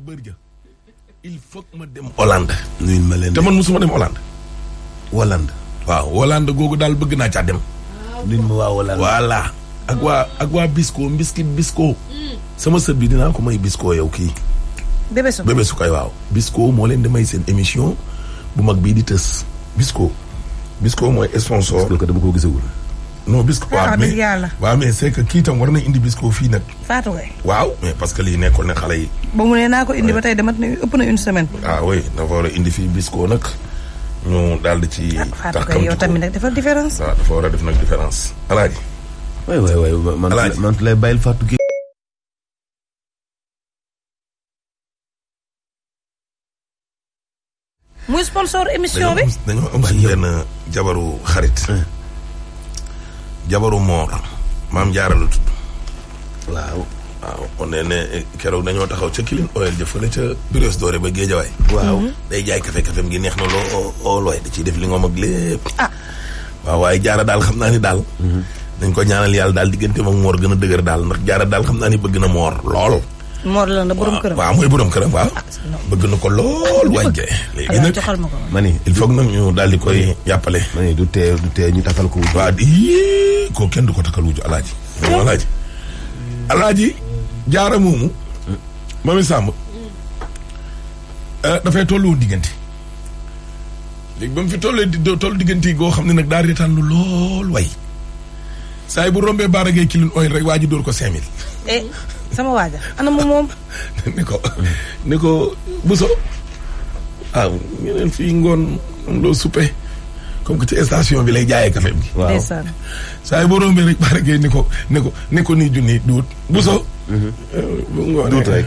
bërja il faut ma dem Hollande. leen te man mosuma dem Hollande. Hollande. waaw Hollande googu daal bëgg naa caa dem. Ah, nuyu ma waa Hollande. voilà ak waa ak mbiskit Bisco. Hmm. sama sët bi dinaa ko may Bisco yow kii. bébé su bébé su kay waaw. Bisco moo leen di may seen émission bu mag bii di tës. Bisco. Bisco mooy sponsor. parce que dama ko gisagul. no Bisco waaw ah, mais waaw mais c'est que indi Bisco fii nag. Fatou Ngaye waaw mais parce que lii nekkoon ne xale yi. ba mu ne naa ko indi ba tey demat na ëpp na une semaine. ah indi fii Bisco nag ñu daal di ci. Ah, tax kam yow tamit nag ah, dafa différence. war a def nag différence. alaaji. waay lay bàyyil Fatou kii. muy sponsor émission bi. dañoo am suñu benn jabaru xarit. jabaru moor maam jaara tudd waaw waaw on ne ne eh, keroog dañoo taxaw ca kilin oyel jëfale ca bureau doore ba géejawaay waaw mhm. day jaay kafe kafem gi neex na lool oo da ciy def li ngoom mag lépp ah. waaw waaye jaara daal xam naa ni daal mhm. dañ ko ñaanal yàlla daal diggante moom moor gën a dëgër daal ndax jaara daal xam naa ni bëgg na moor lool Mor la na borom këram waaw mooy borom këram waaw. Ah, bëgg na ko lool wàññi. léegi nag ma ni il faut nag ñu daal di koy jàppale. ma ni du ñu takkal ko wuju. waa kenn du ko takkal wuju alaaji. alaaji alaaji jaara moomu. Mamy eh, dafay tolluwoon diggante. léegi ba fi tollee di toll diggante yi goo xam ne nag daa reetaan lu lool way saa yi bu rombee baaragee kilin oil rek waa ji ko cinq sama waaja ana mu moom. ni ko ni ko buso ah ñu fii ngoon am loo souper comme que ci station bi lay jaayee café bi. waaw ndeysaan. boo rombee rek baare ni ko ni ko ni ko nii junni duut Bousso. Mhm. Eh, bu ngoonee duut rek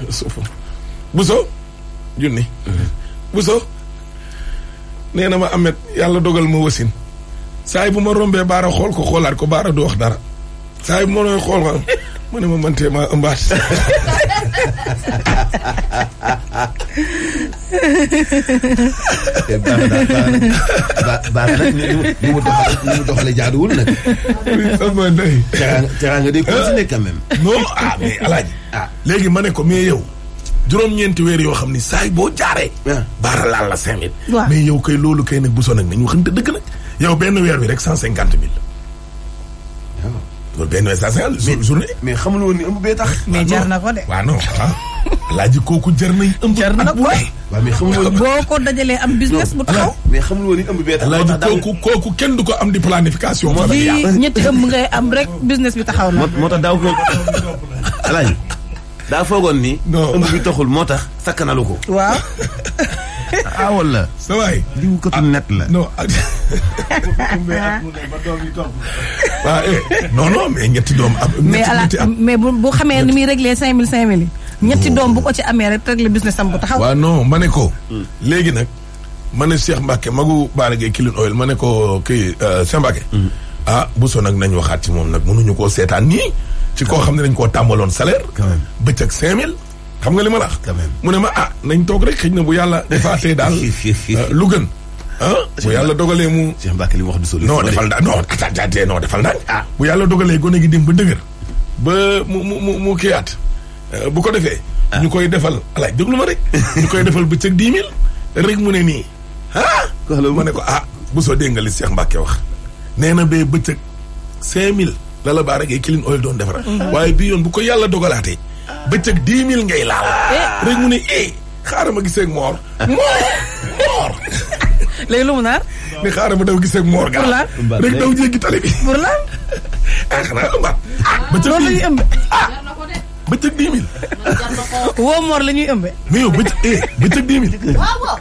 junni. Mhm. Bousso nee na ma Amet yàlla dogal ma wasin saa bu ma rombee baara xool ko xoolaat ko baara du wax dara saa bu ma rombee xool mu ne ma man tee maa ëmbaat. baax na ni mu doxalee ni mu doxalee jaaduwul nag. sama ndey. teraa nga day continuer quand même. non ah mais alaaji. ah léegi ma ne ko mais yow. juróom-ñeenti weer yoo xam ni saay boo jaaree. Ah. baara laal la cinq mille. mais yow kay loolu kay nag bu sonn ak nañu waxante dëgg nag. yow benn weer bi rek cent cinquante mille. loolu benn essentiel journée. mais xamul woon ni tax. Ah, mais ah, jar na ko de. waaw non ah. laaji kooku jar nañ. ëmb jar na ko waaw mais xamul woon boo ko dajalee am business bu taxaw. mais xamul woon ni ëmb bee tax. laaji kooku kooku kenn du ko am di planification. familiale ñetti ëmb ngay am rek business bi taxaw na. moo tax daaw ko alaaji daa foogoon ni. ëmb bi taxul moo tax sakkanalu ko. waa ah wala. sa waay lii ko ah, net la. non ak. Ah. waaw ah, eh. non non mais ñetti doom am. mais ala mais bu bu xamee ni muy réglé cinq mille cinq mille yi. ñetti doom bu ko ci amee rek réglé business am bu taxaw. waaw non ma ne ko. Hmm. léegi nag ma ne Cheikh Mbacke magu Baara Gueye Kilin Oil ma ne ko kii euh, Cheikh Mbacke. Hmm. ah bu soon nag nañu waxaat ci moom nag mënuñu koo seetaan nii. ci koo xam ne dañ koo tàmbaloon salaire. bëccëg cinq mille. xam nga li ma la wax. mu ne ma ah nañ toog rek xëy na bu yàlla defaatee daal euh, lu gën. Ah, bu yàlla dogalee mu. Cheikh Mbacke li wax du solution. non defal da non attendez non defal nañ. Ah. bu yàlla dogalee gone gi dem bu dëgër. ba mu mu mu mu kiyaat euh, bu ko defee. Ah. ñu koy defal alaay déglu ma rek. ñu koy defal cëg dix mille. rek mu ne nii. ah ma ne ko ah bu soo dégg nga li Cheikh Mbacke wax. nee na bee bëccëg cinq mille. lala la baa rek ay clean oil doon defara waaye bii yoon bu ko yàlla dogalaatee. bëccëg di mille ngay laal. Eh. rek mu ne eh xaaral ma gisee ak Mor. Mor Mor. léegi lu mu naar. ne xaaral ma daw gisee ak Mor. pour lan rek daw jéggi tali bi. pour lan. Eh, ah xanaa ah, ëmb bëccëg loolu la ñuy ëmb ah. woo Mor la ñuy ëmbe. mais bëccëg eh bëccëg dix mille. waaw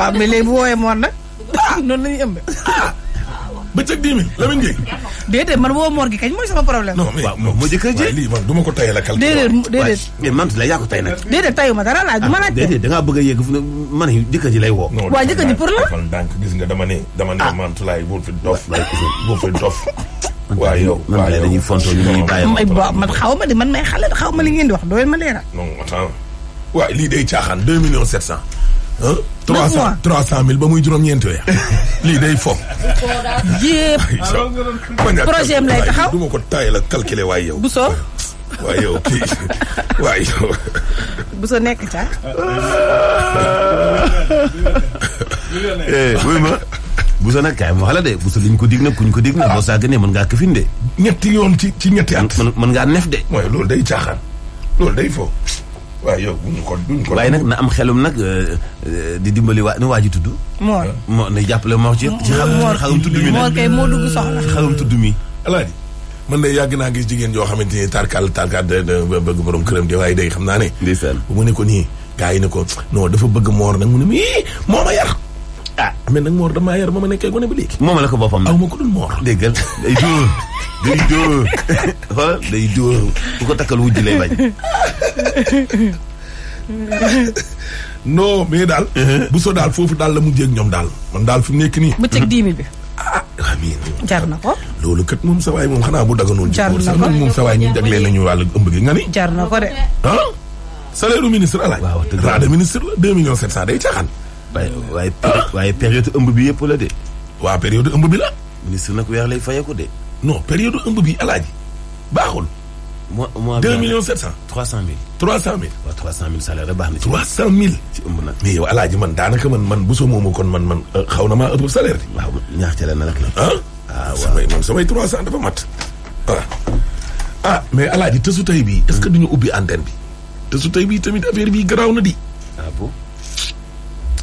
ah. bu woowee Mor nag. Ah. noonu la ñuy ëmbe. bëccëg dix mille Lamine Gueye. déedéet man woo Mor gi kañ mooy sama problème. non mais waaw ma jëkkër ji lii man du ma ko tayee la man la yaa ko tay nag. déedéet tayu ma ah, a man woo. waa ji pour la non ndànk ah. lay boo fi dof. waaw yow xaw ma de man may xale xaw ma li di wax doy ma leeral. ah trois cent mille ba muy juróom-ñeenti weer lii day fo. yépp ma ko taay la calculer waaye yow. bu soo waaye yow kii waaye yow. nekk ca. Eh, wuy ma. Boussa nag de Boussa li ñu ko dig nag ku ñu ko dig nag boo saa gënee mën ngaa këfin de. ñetti yoon ci ci ñetti at. mën mën nef de. mooy loolu day caaxaan loolu day fo. waaw yow buñu waaye nag na am xelum nag euh, euh, di dimbali waa nu waa ji tudd. Mor jàppale Mor ci ci xalum tudd mi. Mor kay moo dugg soxla. ci xalum tudd mi. alaaji man de yàgg naa gis jigéen yoo xamante ni tarkal tarkal bëgg borom këram de waaye day xam naa ne. ndeysaan bu mu ko nii gars yi ne ko non dafa bëgg Mor nag mu ne mii moo ma yar. ah mais nag Mor damaa yar ma ma nekkee gone léegi. moom la ko boppam nag aw ma ko dul Mor. déggal day dóor day dóor xoolal bu ko takkal wujj lay bañ. non mais daal. Uh-huh. bu so daal foofu daal la mujjee ak ñoom daal man daal fi nekk nii. mu teg diimi bi. Ah, jar na ko. loolu kat moom sa moom xanaa bu daganoon. jar na moom sa waay ñu jagleel nañu wàllu ëmb gi nga ni. jar na ko de. ah salaire ministre a waaw dëgg la raada ministre la deux millions sept cent day caaxaan. waaye waaye. waaye période ëmb bi yëpp la de. waa période ëmb bi la. ministre nag weer lay fayeeku de. non période ëmb bi alaaji baaxul. mois mois deux millions sept cent. trois cent mille. trois cent mille. waaw baax na ci. trois cent mille. ci ëmb nag. mais yow alaaji man daanaka man man bu soo moomu kon man man euh, xaw na maa ëpp salaire bi. waaw ñaax ca la nag ah? la. ah waaw samay moom samay trois cent dafa mat. ah mais alaaji tësu tey bii. est que duñu ubbi antenne bi. tësu tey bii tamit affaire bi garaaw na di. Ah,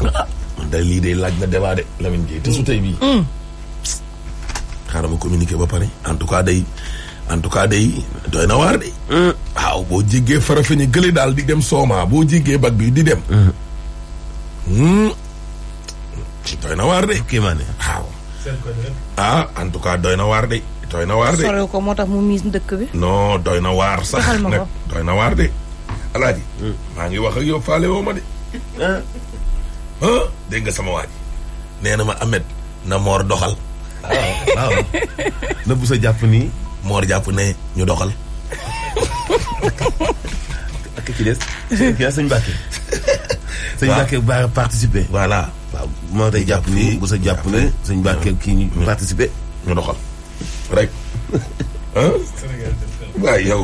man ah, day lii de laaj na débat de Lamine Gueye te su tey bii. Mm. xaaral ma communiqué ba pare en tout cas day en tout cas day doy na waar de. Mm. boo jéggee farafeñi daal di dem Sooma boo jéggee bag di dem. Mm. Hmm. na waar de. kii ah en tout cas doy na waar de. doy na waar ko moo tax mu miis dëkk bi. non doy na waar sax nag doy na waar de. alaaji maa ngi wax ak yow faale woo de. Ah. dégg nga sama waaj nee na ma Ahmed na moor doxal ah, waaw na bu sa jàpp nii moor jàpp ne ñu doxal ak ki des sëñ Mbàkke sëñ Mbàkke ba participer voilà waaw moo tay jàpp nii bu sa jàpp ne sëñ Mbàkke mm. kii ñu mm. participer ñu doxal rek ah yow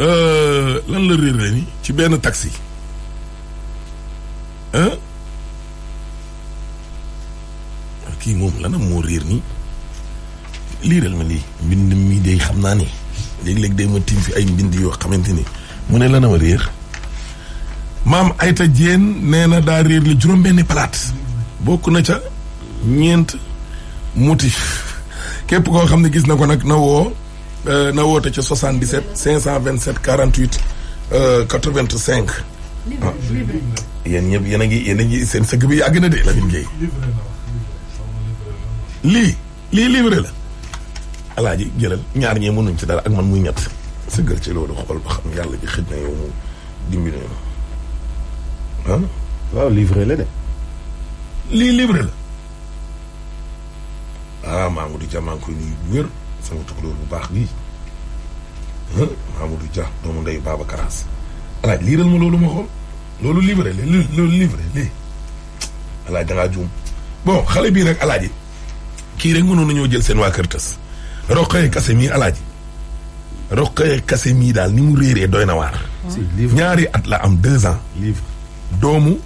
Euh, lan la réeré ni ci benn taksi ah, kii moom lanam moo réer ni liiral ma lii mbind mii day xam naa ni léeg-léeg day ma tiim fi ay mbind yoo xamante ni mu ne lanama réer maam Ayta Dieng nee na daa réer li juróom-benni palaat bokk na ca ñeent motif képp koo xam ne gis na ko nag na woo Euh, na woote ci 77 527 48 85. ah yéen ñëpp yéen a ngi yéen a ngi seen sëgg bi yàgg na bi Lamine Gueye. lii lii livré la. alaaji jëlal ñaar ñee mënuñ ci dara ak man muy ñett. sëggal ci loolu xool ba xam yàlla ji xëj na yow mu dimbali na ah. waaw livré la de. lii livré la. ah maa ngi di jamono wér. sama tukulóor bu baax bii Mamadou Dia doomu ndeyu Baba Karaas alaaj liiral ma loolu ma xool loolu livré li loolu livré lii alaaj dangaa juum bon xale bii nag alaaji kii rek mënoon nañoo jël seen waa kër tës roqoye kase mii alaaji roqoye kase mii daal ni mu réeree doy na waar ñaari at la am deux ans livre doomu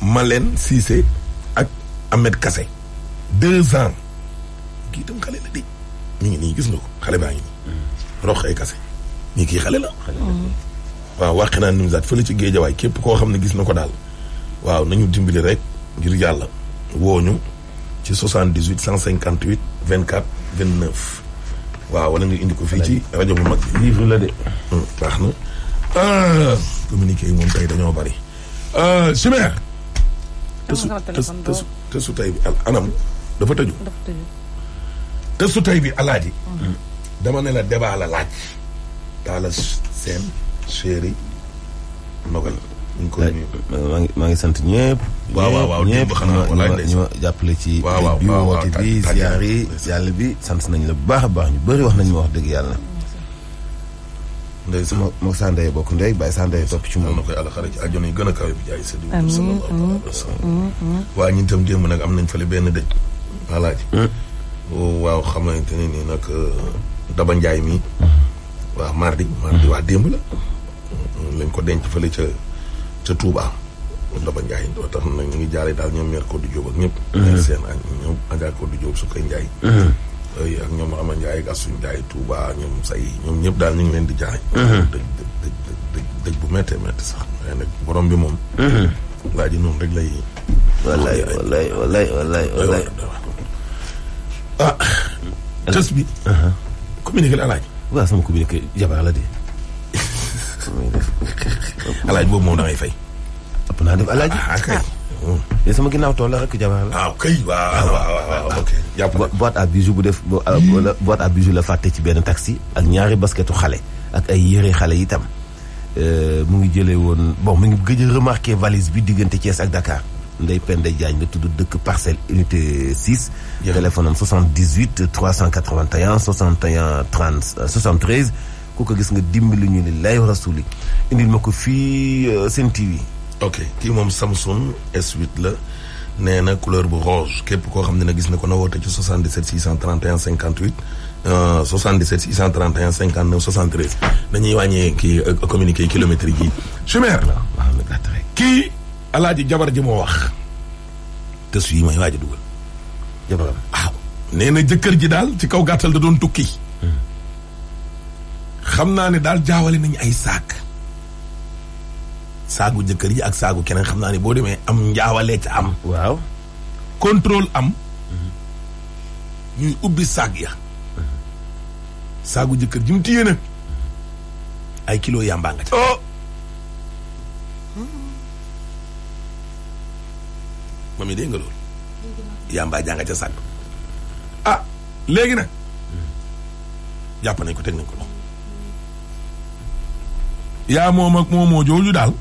Malène Cissé ak Ahmed Kassé deux ans kii xale la de mi ngi nii gis na ko xale baa ngi nii. rox ay kase nii kii xale la. waaw wàq naa ni mu zaat fële ci géejawaay képp koo xam ne gis na ko daal waaw na ñu dimbali rek ngir yàlla wooñu ci 78 158 24 29. waaw wala nga indi ko fii ci rajo bu mag bi. livre la de. Hmm, baax na ah, communiqué yi moom tey dañoo bari ah Chimère. te su te su tey bi anam dafa tëju. te su tey bi alaaji dama ne la débat la laaj daal la seen chéri nogal ñu ngi koy eh, maa ngi sant ñëpp. waaw waaw waaw ñëpp xanaa walaay ñu ma jàppale ci. waaw waaw bi sant nañ la bu baax a baax ñu bëri wax nañ ma wax dëgg yàlla. ndey sama moo saa ndey bokk ndey bàyyi saa ndey topp ci moom. na koy àll ci àjjana yi gën a kawe bi jaay sa diw. amiin amiin waaw ñun itam démb nag am nañ fële benn dëj. alaaji. Hmm? waaw xamante ne nii nag euh, Daba njaay mii. waaw mardi. mardi mhm. waa démb la. lañ ko denc fële ca ca Touba. Daba Ndiaye doo tax na ñu ngi jaale daal ñoom mère Codé Diop ak ñëpp. Mhm. seen ak ñoom Adja Codé Diop su koy Ndiaye. Mhm. ak ñoom Ama Ndiaye Gassou Ndiaye Touba ñoom say ñoom ñëpp daal ñu ngi leen di jaay. dëj dëj dëj bu méttee méttee sax waaye nag borom bi moom. waa ji noonu rek lay. wallaay wallaay wallaay ah. tës bi. communiqué la alaaj. waaw sama boobu moom da fay. ëpp naa def alaaj. ah, ah. sama ginnaaw tool la rek jabar la. ah kay waaw ah, bu def ah, boîte à bijoux la fàtte ci benn taxi ak ñaari basketu xale ak ay yére xale itam euh, mu ngi jëlee woon bon mu ngi gëj a remarqué valise bi diggante Thiès ak dakaar Ndeye Penda Diagne la tudd dëkk parcelle unité 6. jërëjëf téléphone am 78 381 61 30 73. ko gis nga dimbali ñu ni lay rasuli indil ma ko fii euh, seen TV. ok kii moom Samsung S8 la nee na couleur bu rose képp koo xam ne na gis na ko na woote ci 77 631 58. 77 631 59 73 dañuy wàññee kii euh, communiqué kilomètre yi. Chimère. waaw kii. alaaji jabar ji moo wax te su yi may waaj a dugal jabaram ah, nee na jëkkër ji daal ci kaw gàttal da doon tukki xam naa ni daal jaawale nañ ay saak saagu jëkkër ji ak saagu keneen xam naa ne boo demee am njaawalee ca am waaw am ñuy ubbi saag ya saagu jëkkër ji mu téye nag ay kilo yàmbaa nga ca oh! mami dégg nga loolu yamba jànga ca ah léegi nag jàpp nañ ko teg nañ ko loxo yaa moom ak moomoo jooju daal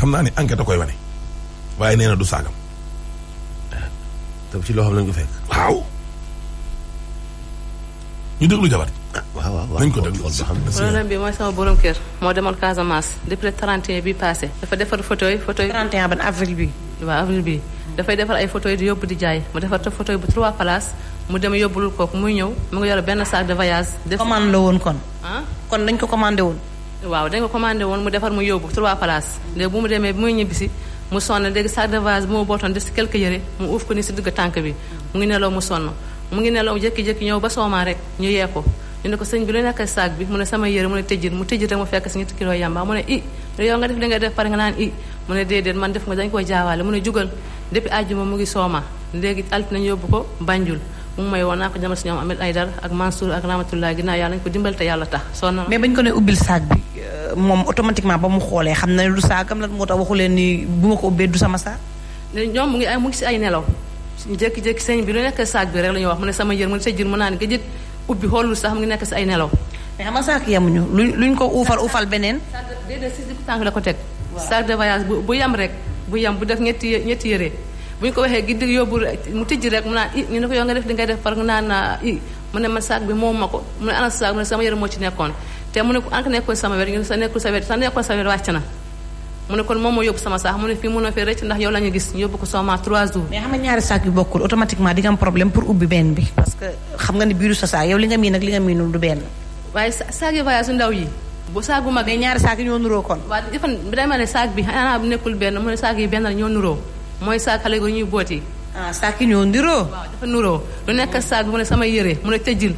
xam naa ni enquête a koy wane waaye nee na du saagam te ci loxoom lañ ko fekk waaw ñu déglu jabar ah, waaw waaw nañ ko déglu bi mooy sama borom moo demoon Casamance depuis le bi passé dafa defar photo yi photo yi 31 ban avril bi waaw avril bi dafay defar ay photos yi di yóbbu di jaay mu defar te photo yi bu trois places mu dem yóbbulul kooku muy ñëw mu ngi yore benn sac de voyage. def commande la woon kon. ah kon dañ ko commandé woon. waaw dañ ko commandé woon mu defar mu yóbbu trois places léegi bu mu demee muy ñibbisi mu sonn léegi sac de voyage bu mu bootoon des quelques yëre mu uuf ko ni si digg tànk bi mu ngi nelaw mu sonn mu ngi nelaw jékki-jékki ñëw ba soomaan rek ñu yee ko ñu ne ko sëñ bi lu nekk saag bi mu ne sama yére mu ne tëjjit mu tëjjit rek mu fekk si ñetti kilo yàmba mu ne i yow nga yóbbu ko Banjul mu may woon naa ko jamal si ñoom Ahmed Aïdar ak Mansour ak Rahmatullah ginnaaw yàlla ko dimbal te yàlla tax sonn mais ko ne ubbil saag bi euh, moom ba mu xoolee xam na ne du saagam lan moo tax waxu leen ni bu ko ubbee du sama mu ngi ay si ay nelaw jékki-jékki sëñ bi lu nekk saag bi rek la ñuy wax mu ne sama yër mu ne sa mu naan gëjit ubbi xoolul sax mu ngi nekk si ay nelaw. mais xam nga saak yemuñu luñ ñu ko uufal uufal beneen. déedéet si tànk ko teg. sac de voyage bu bu yem rek bu yem bu def ñetti ñetti yére bu ñu ko waxee giddi yóbbu mu tijji rek mu naan i ñu ne ko yow nga def li nga def par mu naan naa i mu ne ma saak bi moom ma ko mu ne ana saak mu ne sama yére moo ci nekkoon te mu ne ku ànk nekkoon sama wér ñu sa nekkul sa wér sa nekkul sa wér wàcc na. mu ne kon moom moo yóbbu sama sax mu ne fii mun a fee rëcc ndax yow la ñu yóbbu ko soma trois jours mais xam nga ñaari saak yu bokkul automatiquement di nga am problème pour ubbi benn bi parce que xam nga ne biiru sa saak yow li nga miin ak li nga miinul du benn waaye saak yi voyage bu saak bu mag mais saak yi ñoo nuroo kon waaw dafan day saak bi xanaa nekkul benn mu ne saak yi benn la ñoo nuroo mooy saak ah, saak bi mu ne sama yére mu ne tëjil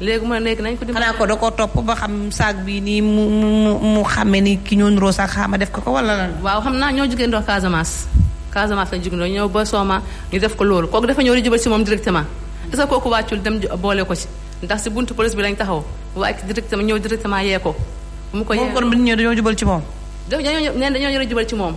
léegi ma nekk nañ ko dimbali. xanaa ko da koo topp ba xam saag bi nii mu mu mu xàmme ni ki ñoo niroo saag xaama def ko ko wala lan. waaw xam naa ñoo jugee ndox Casamance Casamance lañ jugee ndox ñëw ba Soma ñu def ko loolu kooku dafa ñëw di jubal si moom directement est-ce que kooku wàccul dem boole ko ci ndax si buntu police bi lañ taxaw wàcc directement ñëw directement yee ko. bu ko yee moom kon bi ñëw dañoo jubal ci moom. dañoo dañoo jubal ci moom.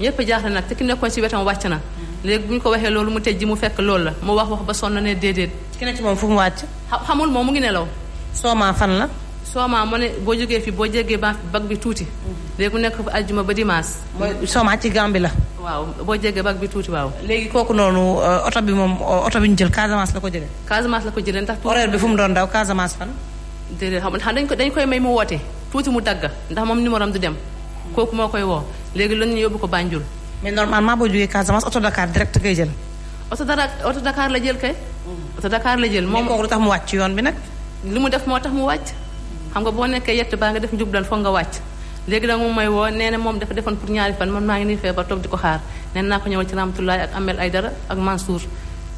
ñëpp jaaxle nag te ki nekkoon ci wetam wàcc na léegi bu ñu ko waxee loolu mu tëj ji mu fekk loolu la mu wax wax ba sonn ne déedéet. ki ci moom fu mu wàcc. xamul moom mu ngi nelaw. Sooma fan la. Sooma mu ne boo jógee fii boo jéggee ba bag bi tuuti. Mm. léegi mu nekk ajjuma ba dimanche. mooy Sooma ci Gàmbi la. waaw boo jéggee bag bi tuuti waaw. léegi kooku noonu euh, oto bi moom euh, oto bi ñu jël Casamance la ko jëlee. Casamance la ko jëlee ndax. horaire bi fu mu doon daw Casamance fan. déedéet xam dañ ko dañ koy may mu woote tuuti mu dagg ndax moom numéro am du dem kooku moo koy woo léegi lan ñu yóbbu ko Banjul. mais normalement boo jógee Casamance oto Dakar direct ngay jël. oto Dakar oto Dakar la jël kay. oto Dakar la jël moom kooku lu tax mu wàcc yoon bi nag. li mu def moo tax mu wàcc. xam nga boo nekkee yett baa nga def njublan foog nga wàcc. léegi nag moom may woo nee moom dafa defoon pour ñaari fan man maa ngi nii feebar toog di ko xaar nee naa ko ñëwal ci Ramatoulaye ak Amel Aydara ak Mansour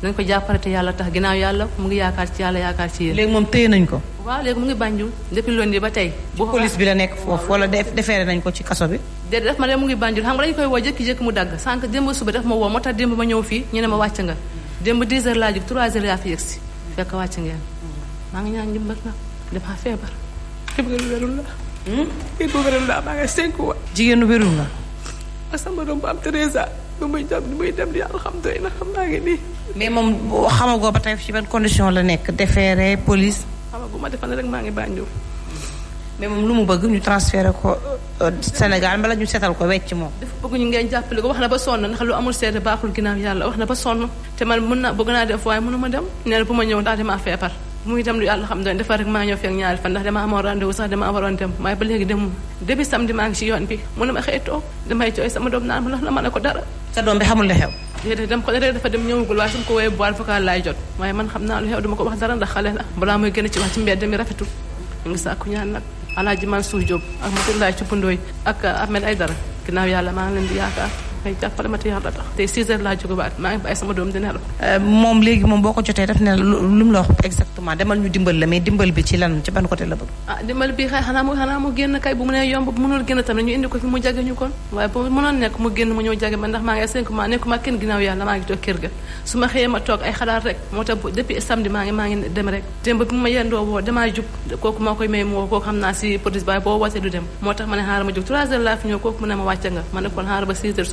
nañ ko jàppale te yàlla tax ginnaaw yàlla mu ngi yaakaar ci yàlla yaakaar ci yéen. léegi moom téye nañ ko. waaw léegi mu ngi Banjul depuis lundi ba tey. bu police bi la nekk foofu wala defeere nañ ko ci kaso bi. déedéet daf ma ne mu ngi Banjul xam nga dañu koy woo jékki-jékki mu dagg sànq démb suba daf ma woo moo tax démb ma ñëw fii ñu ma wàcc nga démb 10 laa jóg 3 yaa fi yegg si fekk wàcc ngeen maa ngi ñaan ndimbal na dafa feebar. jigéenu wérul la. Hmm? sama doom bu am mais moom xamagoo ba tey ci ban condition la nekk déféré police. xamagu ma defa ne rek maa ngi Banjul. mais moom lu mu bëgg ñu transféré ko euh, Sénégal mbala ñu seetal ko wecc ñu ngeen jàppale ko wax na ba sonn ndax lu amul seede wax na ba sonn te man naa def waaye mënu ma dem. nee na bu ma ñëw daal damaa feebar. muy dem lu yàlla xam doon dafa maa ñëw fekk ñaari ndax dama amoon rendez-vous sax dama waroon dem waaye ba léegi ngi ci yoon bi mu ne ma sama doom naan ma la ma ne ko dara. sa doom bi xamul la xew. déedéet dama ko déedéet dafa dem ñëwagul waaye su ma ko woowee boîte vocale laay jot waaye man xam naa lu xew duma ko wax dara ndax xale la balaa muy génn ci wax ci mbedd mi rafetul ñu ngi sàkku ñaan nag Alaaji Mansour Diop ak Matoulaye Thioub Ndoye ak Ahmed Aïdara ginnaaw yàlla maa ngi leen di yaakaar may jàppale ma te yàlla tax tey 6 heures laa jóge waat maa ngi bàyyi sama doom di nelaw euh, moom léegi moom boo ko jotee def ne lu mu la ma ngi toog kër ga su ma xëyee ma toog ay xalaat rek moo tax ma ne xaaral ma jóg 3 heures laa fi ñëw kooku mu ne ma wàcce nga ma ne kon xaaral ba 6 heures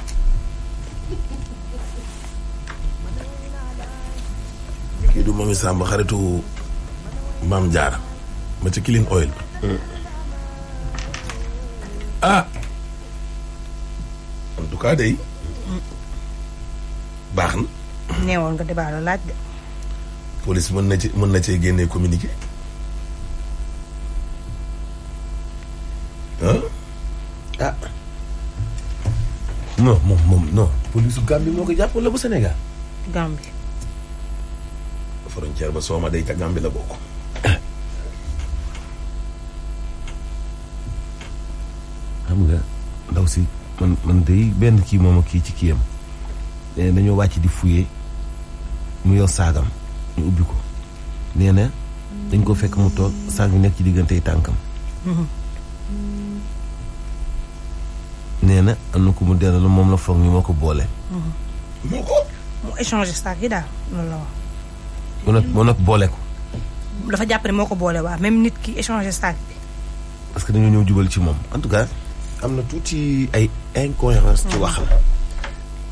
kii du Mamy Samb xaritu Maam jaar ma ci clean oil. ah en tout cas day baax na. neewoon nga débat laaj de. police mën na ci mën na cee génnee communiqué. ah. non moom moom non. police Gambie moo ko jàpp wala bu Sénégal. Gambie. frontière ba ma day ca Gàmbi la bokk. xam nga ndaw si man man day benn kii moom ak kii ci kiyam nee dañoo wàcc di fuye mu yor saagam ñu ubbi ko nee na dañ ko fekk mu toog saag bi nekk ci diggante tànkam. nee na am na ku mu delloo moom la foog ni moo ko boole. mu échanger saag yi daal loolu la wax. mu nag moo nag boole ko. dafa jàpp moo ko boole waa même nit ki échanger sac bi. parce que dañoo ñëw jubal ci moom en tout cas am na tuuti ay incohérence ci wax la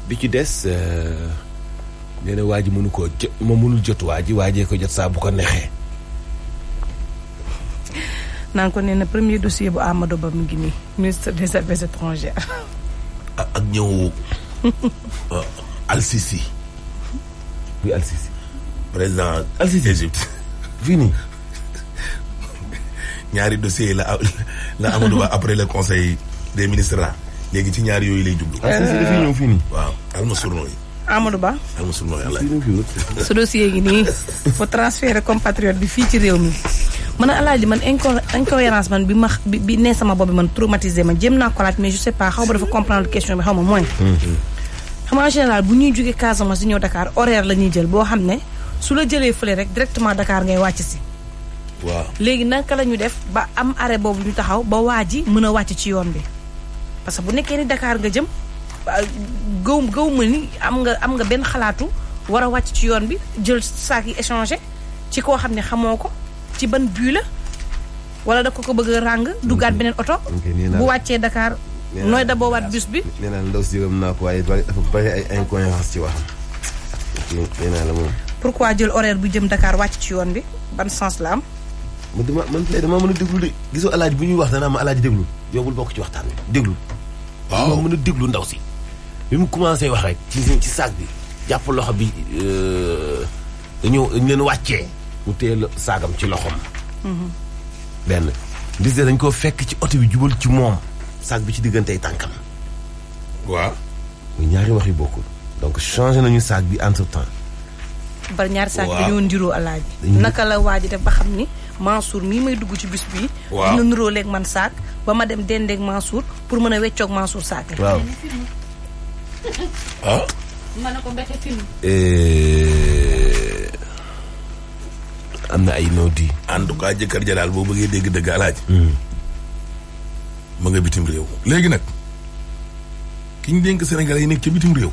bi ci des euh, nee na waa ji mënu ko jot moom mënul jot waa ji waajee ko jot saa bu ko neexee. naan ko nee na premier dossier bu Amadou Ba mu ngi nii ministre des affaires étrangères. ak ñëw. Al Sisi. président Al Sisi Égypte fii ñaari dossiers la la Amadou Ba après le conseil des ministres la léegi ci ñaari yooyu lay jublu. Al ah, Sisi waaw alma surno yi. Amadou Ba. alma surno allah. su dossier gi nii ba transférer compatriote bi fii ci réew mi. man alaaji man incohérence man bi ma bi bi nee sama bopp bi man traumatisé man jéem naa ko laaj mais je sais pas xaw ma dafa comprendre question bi xaw ma mooy. Mm-hmm. xam nga bu ñuy jógee Casamance di ñëw horaire la ñuy jël boo xam ne. su la jëlee fële rek directement dakaar ngay wàcc si. waaw léegi naka la ñu def ba am arrêt boobu ñu taxaw ba waa ji mën a wàcc ci yoon bi parce que bu nekkee ni dakaar nga jëm gëw gëw ma ni am nga am nga benn xalaatu war a wàcc ci yoon bi jël saak yi échangé ci koo xam ne xamoo ko ci ban bu la wala da ko ko bëgg a ràng duggaat beneen oto. bu wàccee Dakar. nooy daboowaat bus bi. nee naa ndaw si yërëm naa ko waaye dafa bari ay incohérence ci waxam. pour pourquoi jël horaire bu jëm Dakar wàcc ci yoon bi ban sens la am. man dama man tey damaa mën a déglu de gisoo alaaji bu ñuy wax danaa ma alaaji déglu yow bul bokk ci waxtaan bi déglu. waaw dama déglu ndaw si. bi mu commencé wax rek ci ci saag bi jàpp loxo bi euh, dañoo dañ leen wàccee mu téye saagam ci loxoom mhm. benn dis dañ koo fekk ci oto bi jubal ci moom saag bi ci diggante tànkam. waaw. muy ñaari wax yi bokkul donc changé nañu saag bi entre ba ñaar saak dañoo ndiroo alaaji naka la waaji def ba xam ni Mansour mii may dugg ci bis bii dina niroo leeg man saak ba ma dem dendeeg Mansour pour mën a weccoog Mansour saak li ah na eh, am na ay nawdi en tout cas jëkkër ja daal boo bëggee dégg dëgg alaaji hmm. ma nga bitim réew léegi nag ki dénk Sénégalais yi nekk ca bitim réew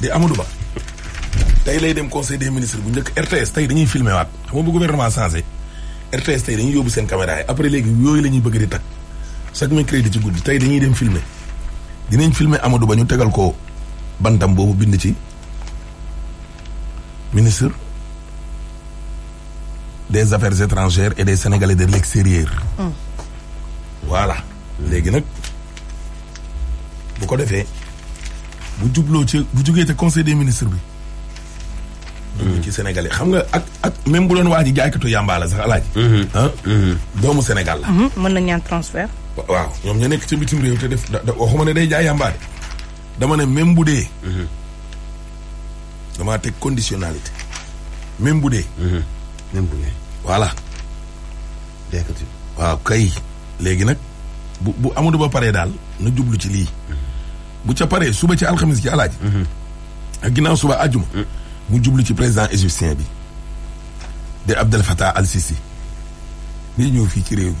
di Amadou Ba tey lay dem conseil des ministres bu njëkk RTS tey dañuy filmer waat xam nga bu gouvernement changé RTS tey dañuy yóbbu seen caméra après léegi yooyu la ñuy bëgg di tag chaque crédit ci guddi tey dañuy dem filmer dinañ filmer amadu Ba ñu tegal ko bantam boobu bind ci ministre des affaires étrangères et des sénégalais de l'extérieur. Hmm. voilà léegi nag bu ko defee bu jubloo ci bu jugee ci conseil des ministre bi. ñu ci sénégalais xam nga ak ak même bu doon waa ji jaaykatu yàmbaa la sax alaaj mhm. ah? mhm. doomu Sénégal la mhm. mën na ñaan transfert waaw ñoom ña nekk ca bitim réew te def waxuma ne day jaay yàmbaa de dama ne même bu dee damaa teg bu dee voilà waaw kay léegi nag bu bu Amadou Ba pare daal na jublu ci lii bu ca paree suba ci alxamis ci alaaji ak ginnaaw suba àjjuma mu jublu ci président égyptien bi de Abdel Fattah al-Sisi bi ñëw fii ci réew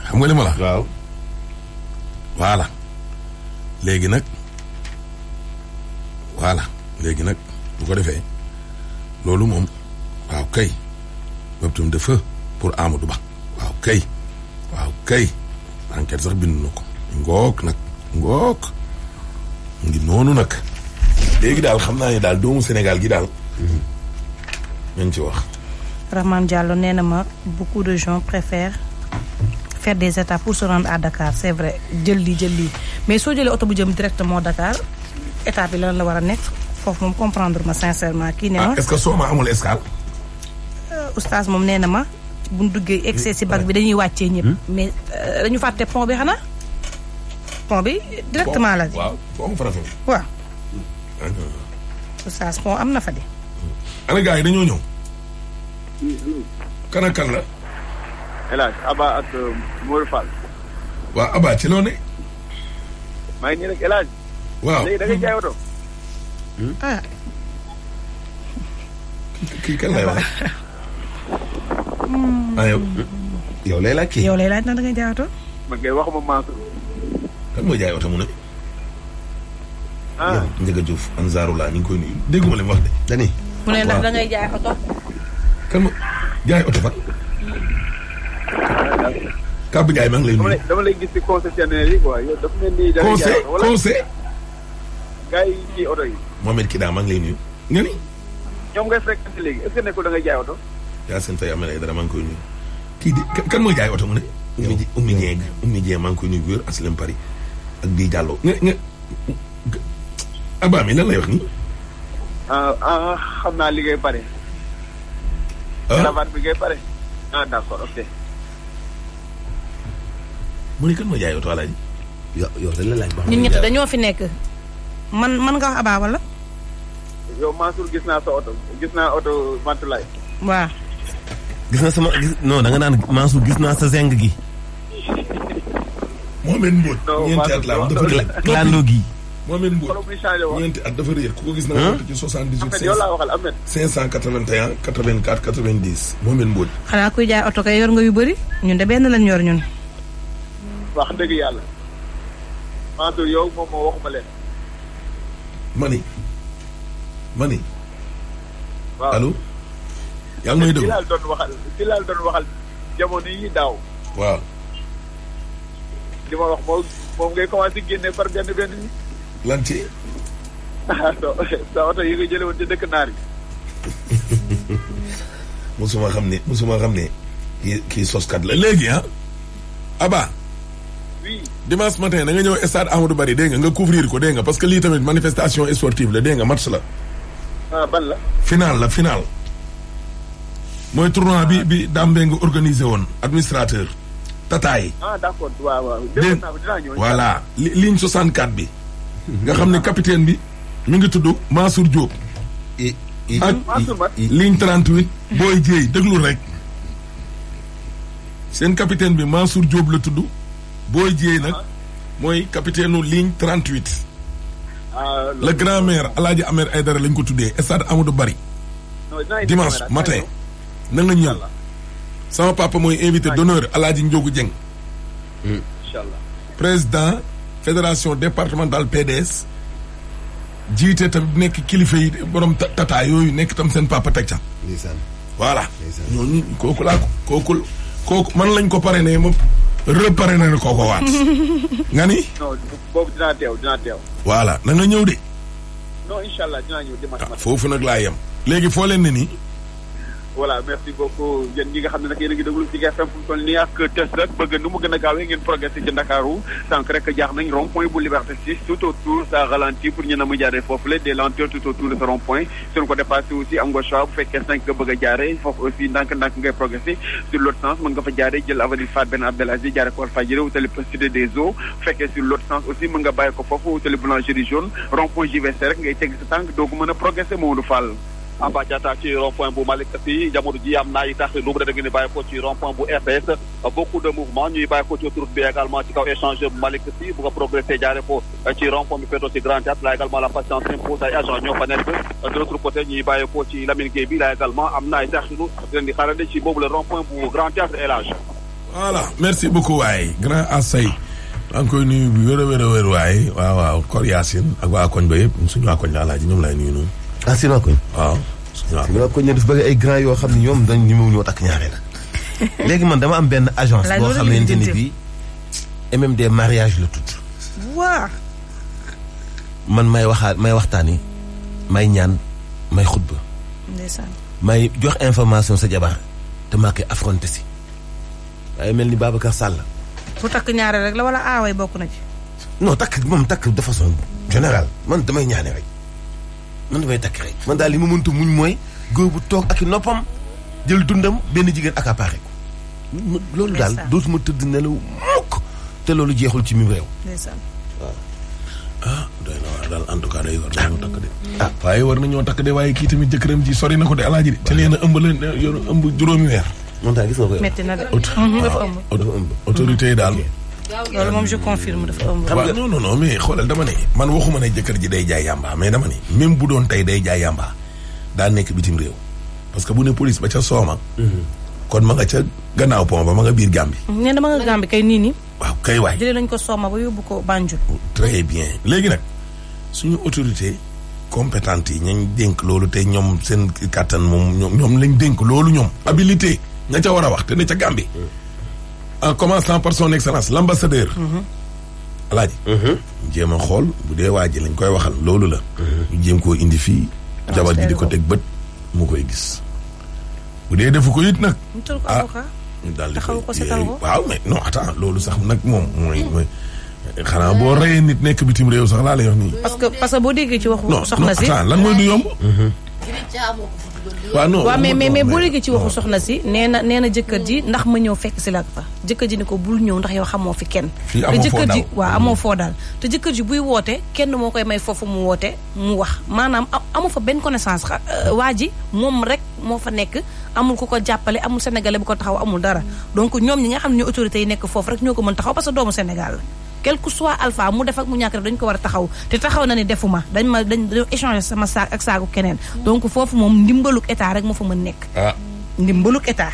mi xam nga li ma léegi nag wala léegi nag bu ko defee loolu moom waaw kay baptême de feu pour Amadou Ba waaw kay waaw kay enquête sax bind ko ngook nag ngook ngi noonu nag léegi daal xam naa ne daal doomu Sénégal gi daal nañ ci wax Rahman Diallo nee na ma beaucoup de gens préfèrent faire des étapes pour se à Dakar c'est vrai jël lii jël lii mais soo jëlee oto bu jëm directement Dakar étape bi lan la war a nekk foofu comprendre ma sincèrement kii ne ma ah, est ma amul escale euh, oustaz moom nee na ma buñ duggee excès si bac bi dañuy wàccee ñëpp hmm? mais euh, dañu fàtte pont bi xanaa pont bi directement la. waaw pont farata am na fa de. ana gars yi dañoo ñëw. kan ak kan la. El Hadj ak euh, Mor waaw Aba ci loo ne. maa nii rek El waaw ah. kii kan lay wax. ah lay laaj kii. yow lay laaj na da ngay kan mooy jaay oto mu ne. ah Ndiaga Diouf Ansaarullah ñu ngi koy nuyu dégguma li wax de. dani mu ne ndax da jaay oto. kan ma jaay oto fan. Kaabu Ndiaye maa ngi lay nuyu. dama lay gis ci concessionnaire yi quoi yow dafa mel ni. conseil conseil. oto yi. ni. ñoom maa ngi koy nuyu. kii di kan mooy Paris. ak Guy Diallo nga nga Abba mi lan lay wax nii. ah, ah xam naa liggéey pare. Ah? cravate bi ngay pare. ah d'accord ok. mu ne kan moo jaay oto alaaji. yo yow dañ la laaj ba. ñun ñett dañoo fi nekk. man man nga wax Abba wala. yow Mansour gis naa sa oto gis naa oto Mantulaay. waaw. gis na sama gis non da nga naan Mansour gis naa sa zeng gi. Mohamed Mbodj. ñeenti at la am dafa réer. clando gi. Mohamed Mbodj ñeenti at dafa réer ku ko gis na nga ci soixante dix huit cinq cent quatre vingt et un quatre vingt quatre quatre vingt dix Mohamed Mbodj. xanaa kuy jaay oto kay yor nga yu bëri ñun de benn lañ yor ñun. wax dëgg yàlla. Mansour yow moom moo waxuma leen. mani mani. waaw allo. yaa ngi may déglu ci laal doon waxal ci laal doon waxal jamono yi daaw. waaw. li wax moom moom ngay commencé génne par benn benn lan ci. ah yi nga jëlee woon ci dëkk naar musuma xam ni musuma xam ne kii kii soskat la léegi ah. Aba. oui dimanche matin da nga ñëw stade Amadou Barry dégg nga nga couvrir ko dégg nga parce que lii tamit manifestation sportive la dégg nga match la. ah la. final la final. mooy tournoi bi bi Dame nga organisé woon administrateur. tata yi. ah d'accord waaw waaw dégg bi. nga xam ne capitaine bi mi ngi tudd Mansour Diop. ak ligne 38. booy jéey déglu rek. seen capitaine bi Mansour jóob la tudd. booy jéey nag mooy capitaine u ligne 38. Ah, le grand maire El Hadj ay Aydara lañ ko tuddee stade Amadou Barry. dimanche matin na nga ñëw. sama papa mooy invité d'honneur Alaaji Njogu Dieng hmm. inchallah président fédération départementale PDS jiite tam nekk kilifa yi borom tata yooyu nekk tam seen papa teg ca voilà ñooñu kooku laa kooku kooku man lañ ko pare ne moom repare na ne kooko waat nga ni boobu dinaa na ñëw de non inchallah dinaa ah, foofu nag laa yem léegi foo leen ne nii voilà merci beaucoup yéen ñi nga xam ne nag yéen a ngi déglu ci GFM fu mu toll nii ak test rek bëgg nu mu gën a gaawee ngeen progressé ci Ndakaaru sànq rek jaax nañ rond point bu Liberté 6 tout autour ça ralentit pour ñu na mu jaaree foofu la des lenteurs tout autour de ce rond point a sur l'autre sens mën nga fa jaaree jël avenue Fat Ben Abdelaziz jaaree ko Walfadjri wutali des Eaux fekkee sur l'autre sens aussi mën nga bàyyi foofu wutali boulangerie a progressé Mamadou Fall Ambadiata ci rond point bu Malick Sy jamono ji am naa yi tax lu mu da ko ci rond bu RTS beaucoup de mouvement ñuy bàyyi ko ci autoroute bi également ci kaw échangeur bu Malick Sy bu ko progressé jaare ko ci rond point bi ci Grand Théâtre la également la patience impose ay agent ñoo fa nekk la également am naa yi tax ci boobu le bu Grand Théâtre Elage voilà merci beaucoup waaye grand assay maa ngi koy a wér a wér koñ la alaaji ñoom lay nuyu ah Sylvain Kogne. waaw Sylvain Kogne dafa bëgg ay grand yoo xam ne ñoom dañ ñu ma ñoo takk ñaareel léegi man dama am benn agence. boo xam ne ni bii MMD mariage la tudd. waaw. man may waxaa may waxtaani may ñaan may xutba. ndeysaan. may jox information sa jabar te maa koy affronté si. waaye mel ni Babacar Sall. pour takk ñaaree rek la wala aaway bokk na ci. non takk moom takk de façon générale man damay ñaane rek. man damay takk rek. man daal li ma mënta muñ mooy góor bu toog ak i noppam jël dundam benn jigéen ak appareil ko. loolu daal dootuma tëdd nelaw mukk te loolu jeexul ci mi réew. ndeysaan waaw. ah doy na waar daal en tout cas war nañoo takk ah, waaye takk de waaye kii tamit jëkkëram ji sori na ko de alaaji de. te nee na ëmb la yor ëmb juróomi weer. moom daal gis ko yow. autorité yi daal. loolu moom je confirme dafa ëmb. xam nga non non non mais dama ne man waxuma ne jëkkër ji day jaay yàmba mais dama ne même bu doon tey day jaay yàmba daa nekk bitim réew parce que bu ne police ba ca Sooma. Mhm. kon ma nga ca gannaaw pont ba ma nga biir Gàmbi. nee na ma nga Gàmbi kay nii nii. waaw kay waay jëlee nañ ko Sooma ba yóbbu ko Banjul. très bien léegi nag suñu autorité compétente yi ñu dénk loolu te ñoom seen kàttan moom ñoom lañ dénk loolu ñoom. habilité nga ca war a wax te ne ca Gàmbi. Mm. en euh, commençant par son excellence l' ambassadeur. Mhm. alaaji. Mhm. jéem a xool bu dee waa ji lañ koy waxal loolu la. Mhm. jéem koo indi fii. jabar ji di ko teg bët mu koy gis. bu dee defu ko it nag. ah daal di ko waaw mais non attends loolu sax mu nag moom mooy hmm. mooy. Eh, xanaa boo reyee nit nekk bitim réew sax laa lay nii. parce que parce que boo déggee ci waxu. soxna si non non lan mooy du yomb. Hmm. waaw non waaw mais mais boo léegi ci waxu soxna si nee na nee na jëkkër ji ndax ma ñëw fekk si la fa jëkkër ji ni ko bul ñëw ndax yow xamoo fi kenn te jëkkër ji waa mm. amoo foo daal te jëkkër ji buy woote kenn moo koy may foofu mu woote mu wax maanaam amu fa benn connaissance euh, waa ji moom rek moo fa nekk amul ku ko jàppale amul sénégalais bu ko taxaw amul dara mm. donc ñoom ñi nga xam ne ñoo autorités yi nekk foofu rek ñoo ko mën taxaw parce que doomu Sénégal la quel que soit alpha mu def ak mu ñàkk def dañu ko war a taxaw te taxaw na ne defuma dañ ma dañ dañoo sama saak ak saaku keneen mm. donc foofu moom ndimbaluk état rek moo fa mën nekk ah. ndimbaluk état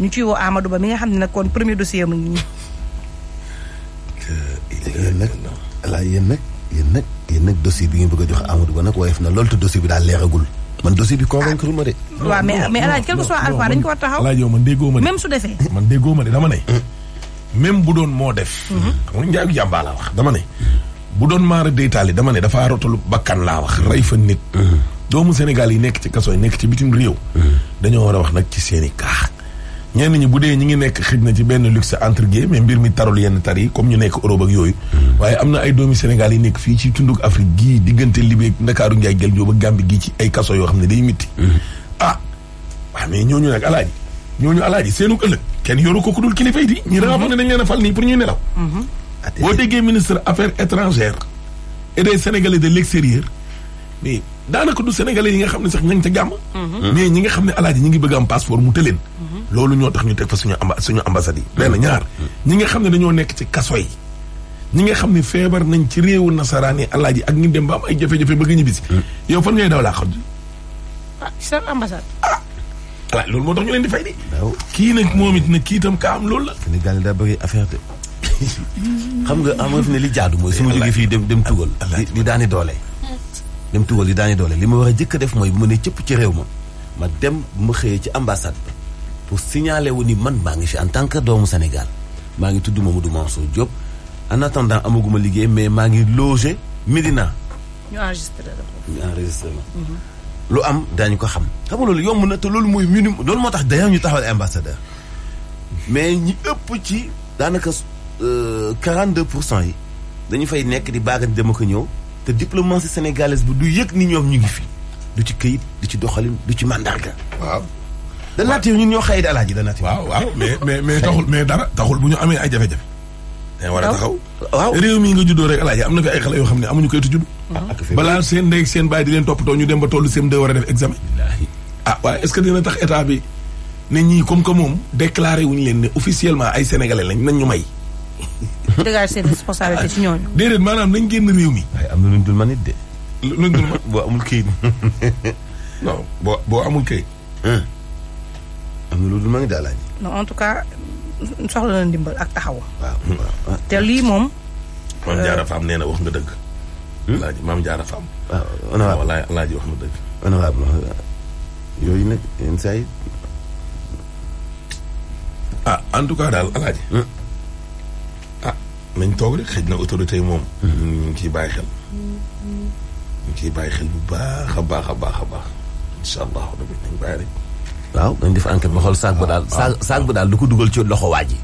ñu ciy woo Amadou Ba mi nga xam ne premier dossier mu ngi nii euh, yéen nag yéen a jox Amadou Ba nag woyof na loolu te dossier bi daal leeragul man dossier bi ah. convaincre ma de. mais mais El Hadj quelque soit yow man déggoo ma de. même su defee. man déggoo ma de dama ne. Mm. même bu doon moo def. Mhm. xam nga njaayu jàmbaa laa wax dama ne. bu doon maar maara deytaali dama ne dafaa rotalu bakkan laa wax rey fa nit. Mhm. doomu Sénégal yi nekk ci kaso yi nekk ci bitim réew. Mhm. dañoo war a wax nag ci seen i kaax. ñenn bu dee ñi ngi nekk xëj na ci benn luxe entre guillemets mais mbir mi tarul yenn tar yi comme ñu nekk Europe ak yooyu. waaye am na ay doomi Sénégal yi nekk fii ci tundug Afrique gii diggante Libye Ndakaaru Njaay gel Jóob ak Gàmbi gii ci ay kaso yoo xam ne day mitti. ah waaw mais ñooñu nag alaaji ñooñu alaaji seenu ëllëg kenn yoru ko ku dul kilifa yi di. ñi da mhm. ngaa ne dañ leen a fal nii pour ñuy nelaw. Mhm. boo déggee ministre affaires étrangères et des sénégalais de l' extérieur mais daanaka du sénégalais yi nga xam ne sax ña ngi ca gàmm. Mhm. mais ñi nga xam ne alaaji ñi ngi bëgg am passeport mu tëleen. loolu ñoo tax ñu teg fa suñu amba suñu ambassade yi. nee na ñaar ñi nga xam ne dañoo nekk ci kaso yi. ñi nga xam ne feebar nañ ci réewu nasaraan yi alaaji ak ñi dem ba am ay jafe-jafe bëgg ñibbisi. yow fan ngay daw laa xam. ah ci seen voilà loolu moo tax ñu leen di fay di. kii nag moom it nag kii itam kaa am loolu la. Sénégal daa bëri affaire de. xam nga am fi ne li jaadu mooy su ma jógee fii dem dem tugal. di daani doole. dem tugal di daani doole li ma war a jëkk def mooy bu ma ne cëpp ci réew ma ma dem bu ma xëyee ci ambassade bi pour signaler wu ni man maa ngi fi en tant que doomu Sénégal maa ngi tudd du Mamadou Mansour Diop en attendant amaguma liggéey mais maa ngi logé Médina. ñu lu am daañu ko xam xam nga loolu yomb na te loolu mooy minimum loolu moo tax d'ailleurs ñu taxawal ambassadeur mais ñi ëpp ci daanaka 42 euh, pour cent yi dañu fay nekk di baagan dem ko ñëw te diplomatie sénégalaise bi du yëg ni ñoom ñu ngi fii du ci këyit du ci doxalin du ci mandarga. waaw. danaat yow ñun ñoo xëy na alaaji danaat waaw waaw mais mais mais taxul mais dara bu ñu amee ay jafe-jafe. waaw war a taxaw. waaw réew mi nga juddoo rek alaaji am na fi ay xale yoo xam ne amuñu kayitu juddu. Uh-huh. balaa seen ndey seen bàyyi di leen toppatoo ñu dem ba tollu seen deux war a def examen. ah waaye est-ce que dina tax état bi ne ñii comme que moom déclaré wuñu leen ne officiellement ay sénégalais lañ nañ ñu may. dégager seen responsabilité ci ñooñu. Ah, déedéet maanaam nañ génn réew mi. waaye am na luñ dul man it boo amul këyit. non boo amul këyit. am na lu dul man it daal laa en tout cas soxla na ndimbal ak taxaw. waaw te lii moom. kon jaara euh, faam nee na wax nga dëgg. alaaji maam jaara faam. waaw on a. walaay alaaji wax na dëgg. a yooyu nag yenn ah, en tout cas daal alaaji. Hmm. ah nañ toog rek xëj na autorité yi moom. Hmm. ñu ngi ciy bàyyi xel. ñu ngi ciy bàyyi xel bu baax a baax a baax a baax incha allahu a nañ bàyyi rek. waaw dañ def enquête ba xool saag ba daal ah, saag ah. saag ba daal du ko dugal ci loxo waa ji.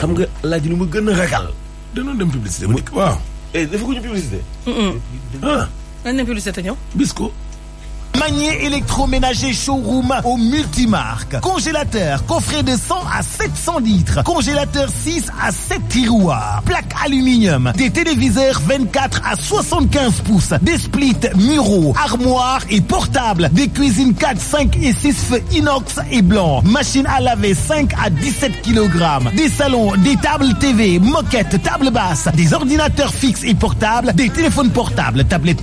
xam nga alaaji lu mu gën a ragal. danoon dem waaw. eh dafa ko ñu publicité. ah. nañ na publicité ñëw. bis ko. Magnier électroménager showroom au multimarque. Congélateur, coffret de 100 à 700 litres. Congélateur 6 à 7 tiroirs. Plaque aluminium. Des téléviseurs 24 à 75 pouces. Des splits, muraux, armoires et portables. Des cuisines 4, 5 et 6 feux inox et blanc. Machine à laver 5 à 17 kg. Des salons, des tables TV, moquettes, tables basses. Des ordinateurs fixes et portables. Des téléphones portables, tablettes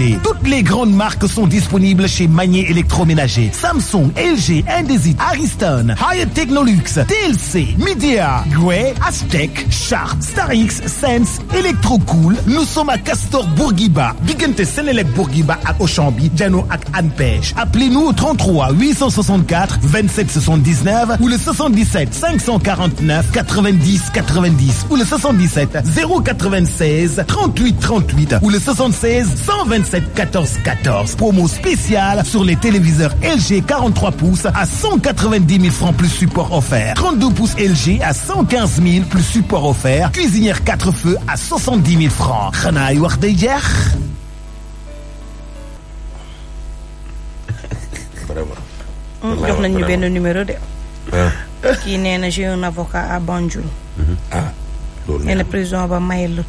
électroménager. Toutes les grandes marques sont disponibles chez Magnier Électroménager. Samsung, LG, Indesit, Ariston, Hyatt Technolux, TLC, Media, Grey, Aztec, Sharp, Starix, Sense, Electrocool. Nous sommes à Castor Bourguiba, diggante ak Anpêche. Appelez-nous au 33 864 27 79 ou le 77 549 90 90 ou le 77 096 38 38 ou le 76 126 727 14 14. les téléviseurs LG 43 pouces à 190 000 francs plus support offert. 32 à 115 000 plus support offert. Cuisinière day jeex. vraiment. jox nañu benn numéro de. Ah. Ah, la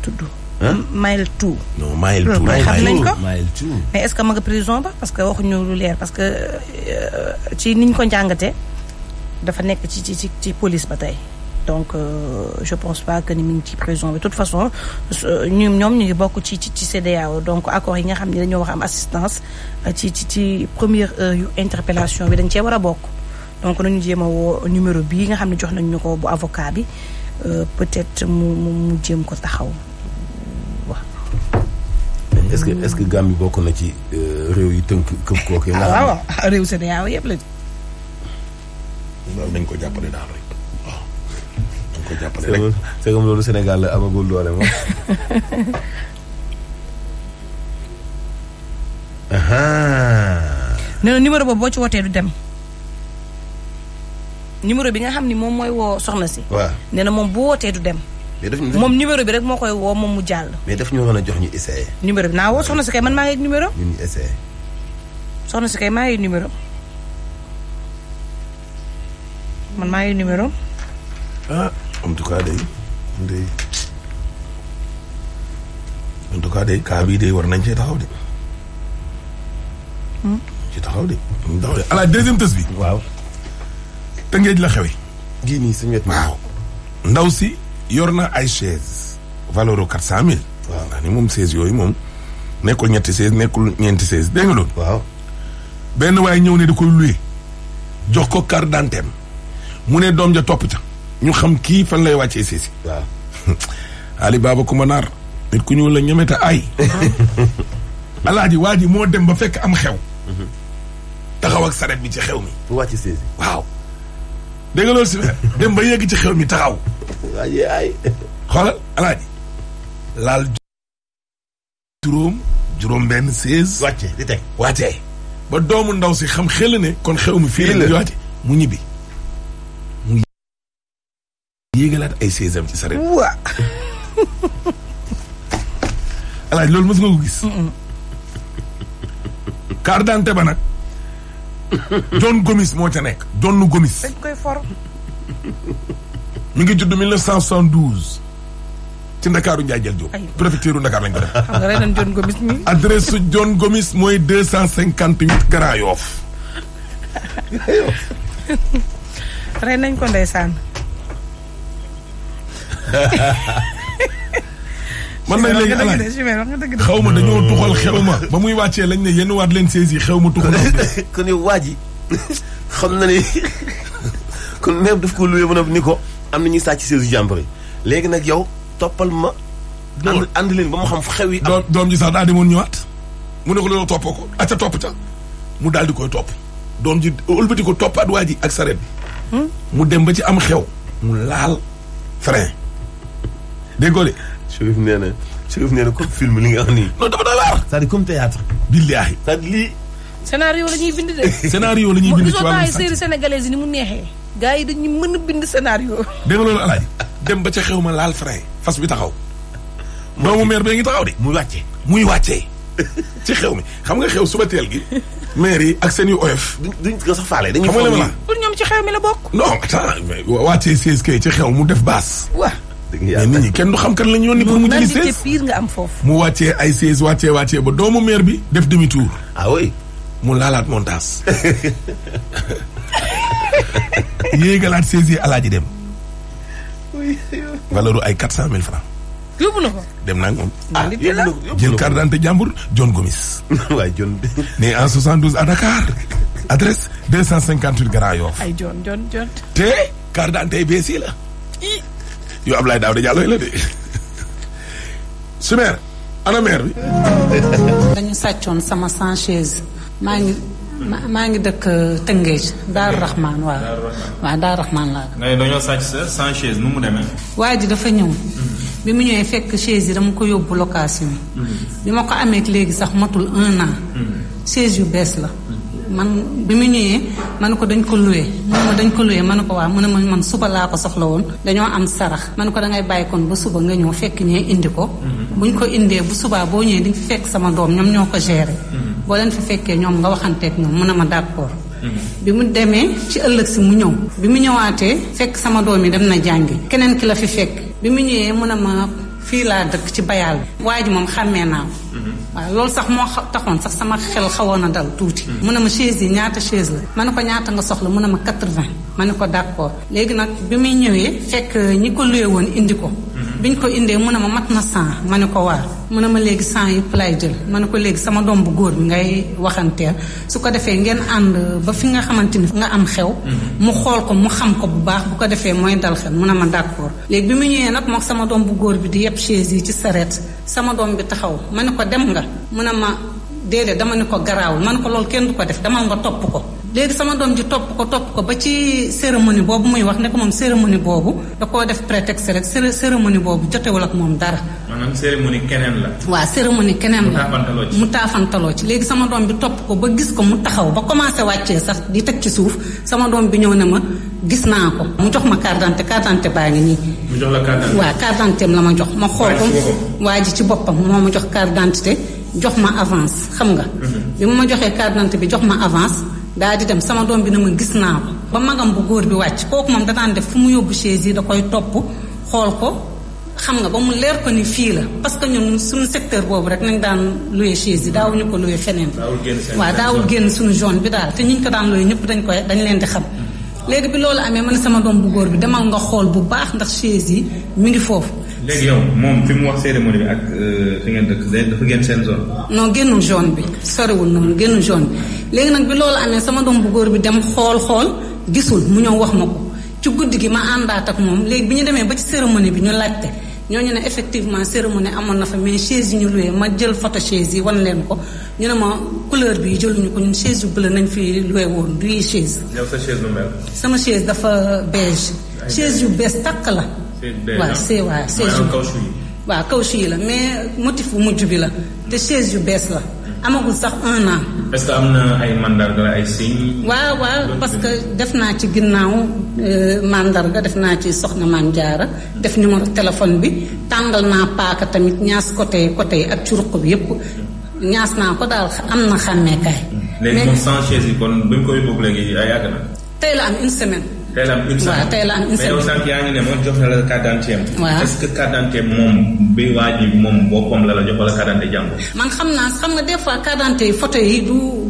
tudd. Maël Thiou. non Maël Thiou euh, xam nañ ko mais est-ce que prison ba parce que waxuñu lu leer parce que euh, ci niñ ko jàngate dafa nekk ci ci ci police ba tey donc euh, je pense pas que ni mu ngi ci prison bi de façon ñun ñoom ñu ngi bokk ci ci ci CEDEAO donc accord yi nga xam ni dañoo wax am assistance ci ci ci première heure interpellation bi dañ cee war a bokk donc nañu jéem a woo numéro bii nga xam ne jox nañu ko bu avocat bi peut-être mu mu jéem ko taxaw. est-ce que est-ce Gambie bokk na ci euh, réew yi tënk këpp kooku yi. nga xam ah, réew CEDEAO yëpp la. ko jàppale daal rek nañ ko jàppale rek. loolu Sénégal la doole nee na numéro boobu boo ci wotee du dem. numéro bi nga xam ni moom mooy woo soxna si. waaw nee na moom bu wootee du dem. mais moom numéro bi rek moo koy woo moom mu jàll. mais daf ñu waroon a jox ñu essayé. numéro bi naa woo soxna si kay man maa ngi numéro. man maa ngi numéro. ah en tout cas day day en tout bii day war nañ cee taxaw de. Hmm? ci taxaw de. taxaw de à la deuxième tës bi. waaw. tëngeej la ndaw si. yor na ay chaise valeur au quatre cent mille. moom chaise yooyu moom nekkul ñetti chaise nekkul ñeenti chaise dégg nga loolu. waaw benn waaye ñëw ne di koy jox ko carte d'identité mu ne doom ja topp ca ñu xam kii fan lay wàccee chaise yi. waaw ma Baba Kumanaar nit ku ñuul la ñemeta ay. alaaji waa ji moo dem ba fekk am xew. Mhm. taxaw ak bi ci xew mi. wàcc chaise waaw. dégg nga loolu si dem ba yegg ci xew mi taxaw. waaye ay. xoolal alaaji laal juróom juróom benn seize. wàcce ba doomu ndaw si xam xel ne. kon xew mi fii la wàcce mu ñibbi. mu yéegalaat ay seize am ci sareet. waa. alaaji loolu mës nga ko gis. carte d'identité ba nag. John Gomis moo ca nekk John Gomis. dañ koy for. mi ngi judd 1972 ci Ndakaaru Ndiaye Jël Diop. préfecture Ndakaar lañ dem xam nga rey nañ John Gomis mi. adresse su John Gomis mooy 258 Grand Yoff. rey nañ ko ndeysaan. man nag léegi alaay xaw ma dañoo tuxal xew ma ba muy wàccee lañ ne yenn waat leen saisi xew ma tuxal kon yow waa yi xam na ni kon même daf koo luwee mën ni ko am na ñuy sàcc saisi jàmbur léegi nag yow toppal ma ànd ànd leen ba mu xam xew yi am doom ji sax daa demoon ñëwaat mu ne ko loolu topp ko acca topp ca mu daal di koy topp doom ji ëlbati ko toppaat waa ji ak sareet bi hmm? mu dem ba ci am xew mu laal frein dégg nga Chérif nee comme film li nga wax nii. non dafa doy waar. c'est-à-dire comme théâtre. la ñuy bind de. scénario la ñuy bind ci wàllu série sénégalaise ni a bind ba ca xew ma laal frein fas bi taxaw. doomu maire bi taxaw de. mu wàccee muy wàccee. ci xew mi xam nga xew suba teel gi. maire yi ak sen yu oyof. duñ ko sax faale dañuy. la pour ñoom ci xew ci xew mu def baas. waaw mais nit ñi kenn du xam kan lañ yónni pour mu jëli seize foofu mu wàccee ay seize wàccee wàccee ba doomu maire bi def demi tour ah oui mu laalaat montage yéegalaat seize yi dem valeur u ay quatre cent mille francs yóbbu na ko dem naa moom. ah yóbbu na ko jël carte d'identité jàmbur John Gomis. waaye John. né en à Dakar adresse Grand Yoff. ay te carte d'identité bees yi la. yu Ablaye Daouda Diallo la de su maire ana maire bi. dañu sàccoon sama sancheuse maa ngi maa ngi dëkk Tëngéej daal Rahman waaw. waaw Daaru Rahman laa. mais dañoo sàcc sa nu mu demee. waa ji dafa ñëw. Mm-hmm. bi mu ñëwee fekk chaise yi dama ko yóbbu location mm-hmm. bi. ma ko amee léegi sax matul un an. Mm-hmm. chaise yu bees la. man bi mu ñëwee ma ko dañ ko luwee mu ne dañ ko luwee ma ne ko waa mun ne ma man suba laa ko soxla woon dañoo am sarax ma ne ko dangay bàyyi koon ba suba nga ñëw fekk ñee indi ko mm-hmm. buñ ko indee bu subaa boo ñëwee di fi fekk sama doom ñoom ñoo ko gérer mm-hmm. boo leen fi fekkee ñoom nga waxanteeg ñoom mu ne ma d'accord mm-hmm. bi mu demee ci ëllëg si mu ñëw bi mu ñëwaatee fekk sama doom yi dem na jàngi keneen ki la fi fekk bi mu ñëwee mu ne ma fii laa dëkk ci bayaal bi waa ji moom xàmmee naa mhm. loolu sax moo taxoon sax sama xel xawoon a dal tuuti mhm. mun ne ma chaise yi ñaata chaise la ma ne ko ñaata nga soxla mun ne ma quatre-vingts ma ne ko d'accord léegi nag bi muy ñëwee fekk ñi ko luye woon indi ko biñ ko indee mu ne ma mat na cent ma ne ko waa mu ne ma léegi cent yëpp laay jël ma ne ko léegi sama doom bu góor bi ngay waxanteel su ko defee ngeen ànd ba fi nga xamante ni nga am xew mhm. mu xool ko mu xam ko bu baax bu ko defee mooy dal xel mu ne ma d'accord léegi bi mu ñëwee nag moo sama doom bu góor bi di yëpp chaise yi ci sareet sama doom bi taxaw ma ne ko dem nga mun a ma déedéet dama ne ko garaawul ma ne ko loolu kenn du ko def dama nga topp ko léegi sama doom ji topp ko topp ko ba ci cérémonie boobu muy wax ne ko moom cérémonie boobu da koo def prétexte rek céré cérémonie boobu jotewul ak moom dara. maanaam cérémonie keneen la. waaw cérémonie keneen mu taafantaloo ci léegi sama doom bi topp ko ba gis ko mu taxaw ba commencé wàccee sax di teg ci suuf sama doom bi ñëw ne ma gis naa ko mu jox ma carte d'identité carte d'identité baa ngi nii. waa jox la carte d'identité ma jox. ma xool waa ji ci boppam moo ma jox carte d'identité jox ma avance xam nga. Mhm. bi ma ma joxee carte d'identité bi jox ma avance. daal di dem sama doom bi na ma gis naa ko ba magam bu góor bi wàcc kooku moom danaan def fu mu yóbbu chaise yi da koy topp xool ko xam nga ba mu leer ko ni fii la parce que ñun suñu secteur boobu rek nañ daan loué chaise yi daawuñu ko loué feneen waaw daawul génn suñu zone bi daal te ñu ko daan loué ñëpp dañ koy dañ leen di xam hmm. léegi bi loolu amee ma ne sama doom bu góor bi demal nga xool bu baax ndax chaise yi mi ngi foofu léegi yow moom fi mu wax cérémonie bi ak euh, fi ngeen dëkk dafa génn seen zone non génnul zone bi soriwul noonu génnul zone bi léegi nag bi loolu amee sama doom bu góor bi dem xool xool gisul mu ñëw wax ma ko ci guddi gi ma àndaat ak moom léegi bi ñu demee ba ci cérémonie bi ñu laajte ñooñu ne effectivement cérémonie amoon na fa mais chaise yi ñu loué ma jël photo chaise yi wan leen ko ñu ne ma couleur bi jëluñu ko ñun chaise yu bleu nañ fi loué woon du chaise. yow sa chaise sama chaise dafa beige. chaise yu bees takk la. waaw ah. c'est waaw chaise yu. waaw caoutchouc la mais motif bu mujj bi la te chaise yu bees la. amagul sax un an. est am na ay mandarga ay signes. waaw waaw parce que def naa ci ginnaaw euh, mandarga def naa ci soxna maam jaara def numéro téléphone bi tàngal naa paaka tamit ñaas côté côté yi ak ci ruq bi yépp ñaas naa ko daal am na xàmmeekaay. léegi moom sans chaise yi kon buñ ko yóbbu léegi ay yàgg na. tey la am une semaine. tey la am une semaine waaw tey la am une moom jox na la moom bi waa ji moom boppam la la jox wala carte d'identité man xam naa xam nga des fois carte d'identité yi photo du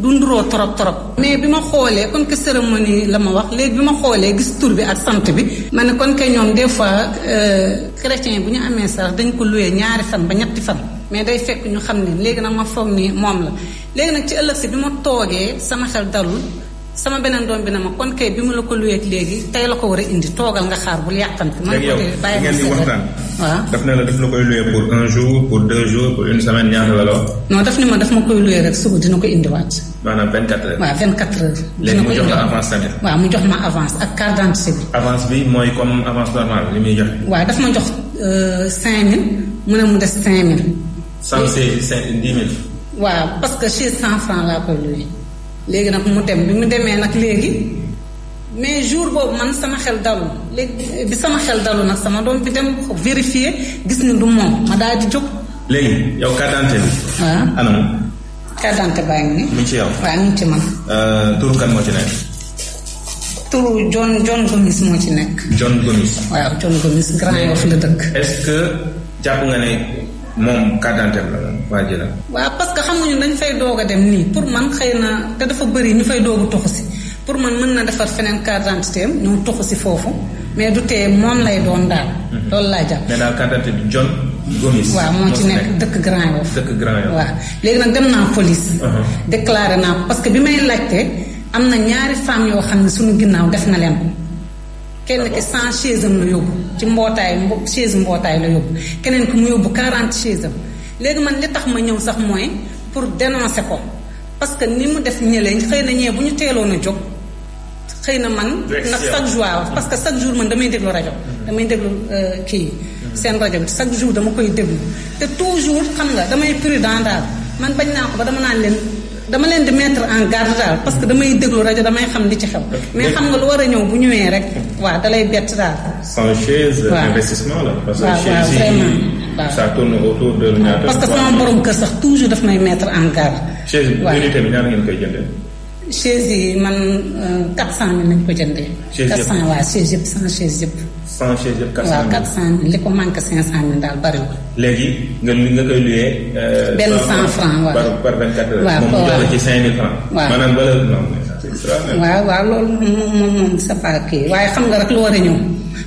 du nduroo trop trop. mais bi ma xoolee comme que cérémonie la ma wax léegi bi ma xoolee gis tur bi ak sant bi. ma ne kon que ñoom des fois euh, chrétien bu ñu amee sarax dañ ko loué ñaari fan ba ñetti fan. mais day fekk ñu xam ne léegi nag ma foog ni moom la léegi nag ci ëllëg si bi ma toogee sama xel dalul. sama beneen doom bi na ma kon kay bi mu la ko luyeeg léegi tey la ko war a indi toogal nga xaar bul yàqante. mën ko tey bàyyi ngeen di waxtaan. waaw daf ne la daf la koy luyee pour un jour pour deux jours pour une semaine ñaata la wax. non daf ne ma daf ma koy luyee rek suba dina ko indiwaat. maanaam 24 heures. waaw 24 heures. dina ko indiwaat léegi mu jox la avance tamit. waaw mu jox ma avance ak carte d'identité bi. avance bi mooy comme avance normale li muy joxe. waaw daf ma jox 5000 euh, mu ne mu des 5000. 100 c'est 10 000. waaw parce que chez 100 francs laa koy luyee. léegi nag mu dem bi mu demee nag léegi mais jour boobu man sama xel dalu léegi bi sama xel dalu nag sama doom bi dem vérifier gis ni du moom ma daal di jóg. léegi yow carte bi. waaw ah. anam. carte baa ngi nii. mu ci yow waa mu ngi ci man. Euh, turu kan moo ci nekk. turu John John Gomis moo ci nekk. John Gomis. waaw John Gomis Grand Yoff la dëkk. est-ce que jàpp nga ne. moom carte la moom waa ji la. waaw parce que xamuñu dañ fay doog a dem nii pour man xëy na te dafa bëri ñu fay doogu toxu si pour man mën na defar feneen carte d'identité am ñëw toxu si foofu mais du tee moom lay doon daal. Mhm. loolu laa jàpp. mais daal carte d'identité bi John Gomis. waaw moo ci nekk dëkk Grand Yoff. dëkk Grand Yoff waaw léegi nag dem naa police. Uh-huh. déclaré naa parce que bi may laajte am na ñaari femmes yoo xam ne suñu ginnaaw def na leen kenn ki cent chaise am la yóbbu ci mbootaay chaise mbootaay la yóbbu keneen ki mu yóbbu quarante chaise am léegi man li tax ma ñëw sax mooy pour dénoncer ko parce que ni mu def ñëlee xëy na ñee bu ñu teeloon a jóg xëy na man ndax chaque jour parce que chaque jour man damay déglu rajo mm-hmm. damay déglu euh, kii mm-hmm. seen rajo bi chaque jour dama koy déglu te toujours xam nga damay prudent daal man bañ naa ko ba dama naan leen dama leen di mettre en garde daal parce que damay déglu rajo damay xam li ci xew. mais xam nga lu war a ñëw bu ñëwee rek. waaw dalay bett daal. sans chaise. investissement la. parce que chaise parce que borom kër sax toujours daf may mettre en garde. chaise unité bi ñaar ngeen koy jëndee. chaise yi man 400000 euh, lañ ko jëndee. chaise yëpp 400 yëpp 100 yëpp. cent chez yëpp quatre cent mille waaw daal léegi nga nga koy luyee. Euh, benn cent franc waaw par loolu moom moom moom c'est waaye xam nga rek lu war a ñëw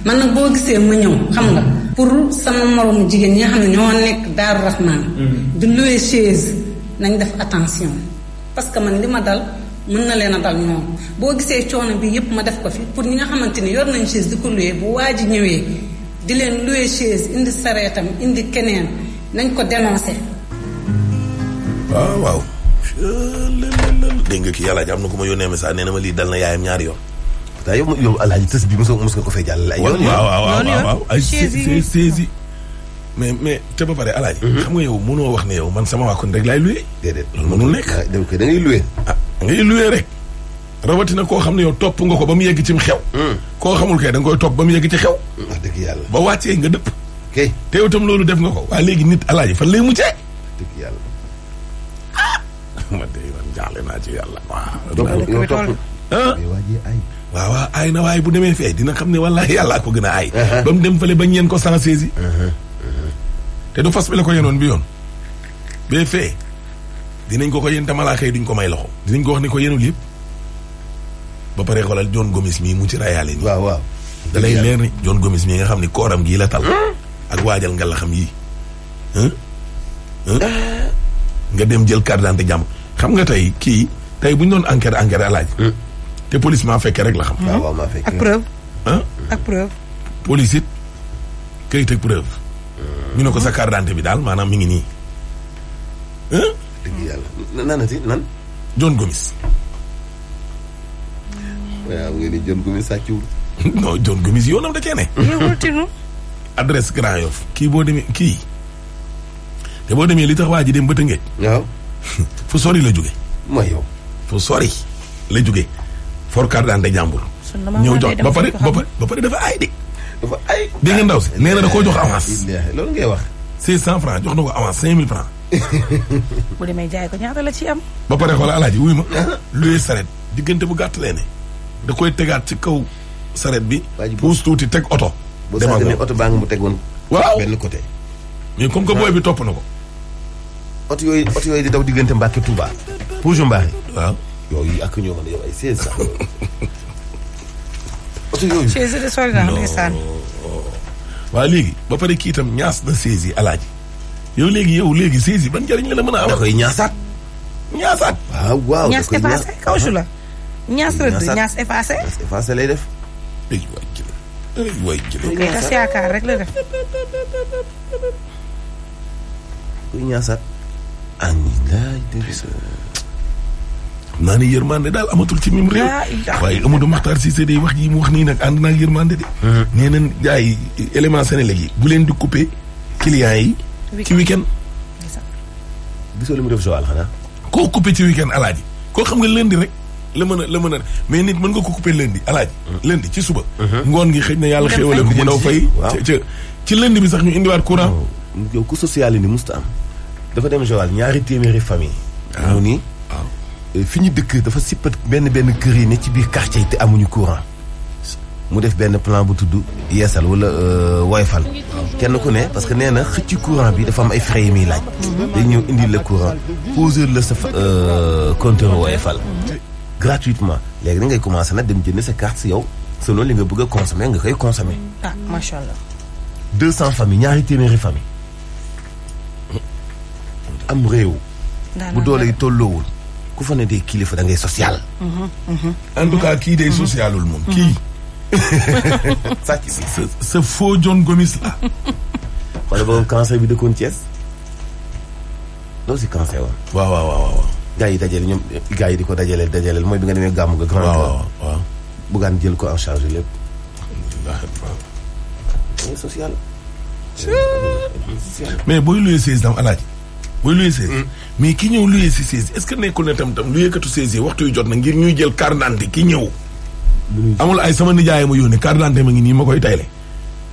man nag boo gisee mu ñëw xam nga. pour sama moromu jigéen ñi xam ne ñoo nekk Daaru Rahman. Mm-hmm. di louer chaise nañ def attention parce que man li ma dal. mën na leen a dal noonu boo gisee coono bi yëpp ma def ko fi pour ñi nga xamante ni yoon nañ chaise di ko loué bu waa ji ñëwee di leen loué chaise indi sareetam indi keneen nañ ko dénoncé. Ah, waaw waaw. yàlla ji na ku ma yónnee message nee na ma lii dal na yaayam ñaari yoon. daa yow bi mos nga ko fee jàllale. yoon yoon waaw waaw ay chaise mais mais te ba pare alaaji. Mhm. xam nga yow mënoo wax ne yow man sama waa kon rek laay loué. déedéet loolu mënul nekk. Ah, da ngay ngay luwee rek rawatina koo xam ne yow topp nga ko ba mu yegg cim xew. Hmm. koo xamul kay da nga koy topp ba mu yegg ci xew. Hmm. dëgg yàlla ba wàccee nga dëpp. kay te yow itam loolu def nga ko waaye léegi nit alaaji fan lay muccee. wax dëgg yàlla. ah yàlla waaw. donc yow ah! waaw waaw aay na waaye bu demee fee dina xam ne wallaahi yàlla ko gën a aay. Uh-huh. ba mu dem fële ba ñeen ko sans saisi. Uh-huh, uh-huh. te du fas bi la ko yenoon bi yoon. bee fee. dinañ ko ko yéen tamalaaka yi duñ ko may loxo. dinañ ko wax ni ko yenul yëpp ba pare xoolal John Gomis mii mu ci rayaale nii. waaw waaw da lay leer ni John Gomis mii nga xam ni kooram gii la tal. ak waajal nga la xam yii. nga dem jël carte d'identité jàmm xam nga tey kii tey buñ doon enquête enquête alaaj hmm. te police maa fekkee rek la xam. Hmm. waaw waaw maa fekkee ak preuve. ak police it kayit ak preuve. Hmm. ñu ne ko sa carte bi daal maanaam mi ngi nii. dëgg yàlla nanati nan John Gomis waaw nga ni John Gomis sàcciwul non John Gomis yoonam da cee ne adresse Grand Yoff kii boo demee kii te boo demee li tax waa ji dem ba Tëngéej waaw fu sori la jóge mooy yow fu sori la jóge for carte d'identité jàmbur ñëw jox ba pare ba pare ba pare dafa ay de dafa ay dégg nga ndaw si nee na da koo jox avance loolu ngay wax six cent francs jox na ko avance cinq mille francs bu demee jaay ko ñaata la ci am. ba pare xoolal alaaji wuy ma. luy saret diggante bu gàttalee leen da koy tegaat ci kaw saret bi. puus tuuti teg oto. demal ko oto baa ngi mu teg woon. waaw benn mais comme que booy bi topp na ko. oto yooyu oto yooyu di daw diggante Mbacke Touba. Pouge Mbacke. waaw yooyu ak ñoo mën a yow ay seize sax. oto yooyu. seize na ndeysaan. waaw léegi ba pare kii tam ñaas na seize yi yow léegi yow léegi saisi ban njëriñ la la mën a am. da koy ñaasaat. ñaasaat. Ah, ñaas effacé ñaas rëdd lay def. léegi waay jëlee léegi yaakaar rek la def. kuy ñaasaat. xam naa daal amatul ci mim réew. Ah, waaye Amadou Makhtar Cissé day wax yi mu wax nii nag ànd naa ak yërmande de. Mm-hmm. nee nañ gars yi élément Sénégal yi bu leen di coupé clients yi. ci week-end gisoo li mu def Joal xanaa koo coupé ci week-end alaaji koo xam nga lundi rek la mën a la mën a mais nit mën nga ko coupé lundi alaaji mm-hmm. lundi ci suba mm-hmm. ngoon ngi xëy na yàlla xéewale ko mu daw fay ci lundi bi sax ñu indiwaat courant oh, yow ku social ni musta am dafa dem Joal ñaari téeméeri famille ah. mu nii ah. eh, fi ñu dëkk dafa sippat benn benn kër yi ne ci biir quartier te amuñu courant mu def benn plan bu tudd yeesal wala euh, woyfal kenn ku ne parce que nee na xëcc courant bi dafa am ay frais yi muy laaj dañ ñëw indi la courant poser la sa euh, compteur woyfal gratuitement léegi da ngay commencé nag dem jënd sa carte si yow selon li nga bëgg a nga koy consommer ah macha allah deux cent familles ñaari téeméeri famille am réew bu doole yi tolloowul ku fa ne dee kilifa da ngay social mhm, mhm. kii day socialul moom kii sàcc bi sa sa faux John Gomis la. xoolal boobu cancer bi dëkkoon Thiès loolu si cancer waaw waaw waaw waaw. dajale ñoom gaa yi di ko dajaleel dajaleel mooy bi nga demee gàmm ga. grand waaw waaw bugaan jël ko en charge lépp. alhamdulilah. social. mais booy luyee seize tam alaaji booy luyee seize. Hmm. mais ki ñëw luyee si seize est que nekkul ne tam tam luyeekatu seize waxtu yu jot na ngir ñuy jël carte d'identité ki ñëw. amul ay sama nijaay ma yónnee carte d'identité ma ngi nii ma koy tayle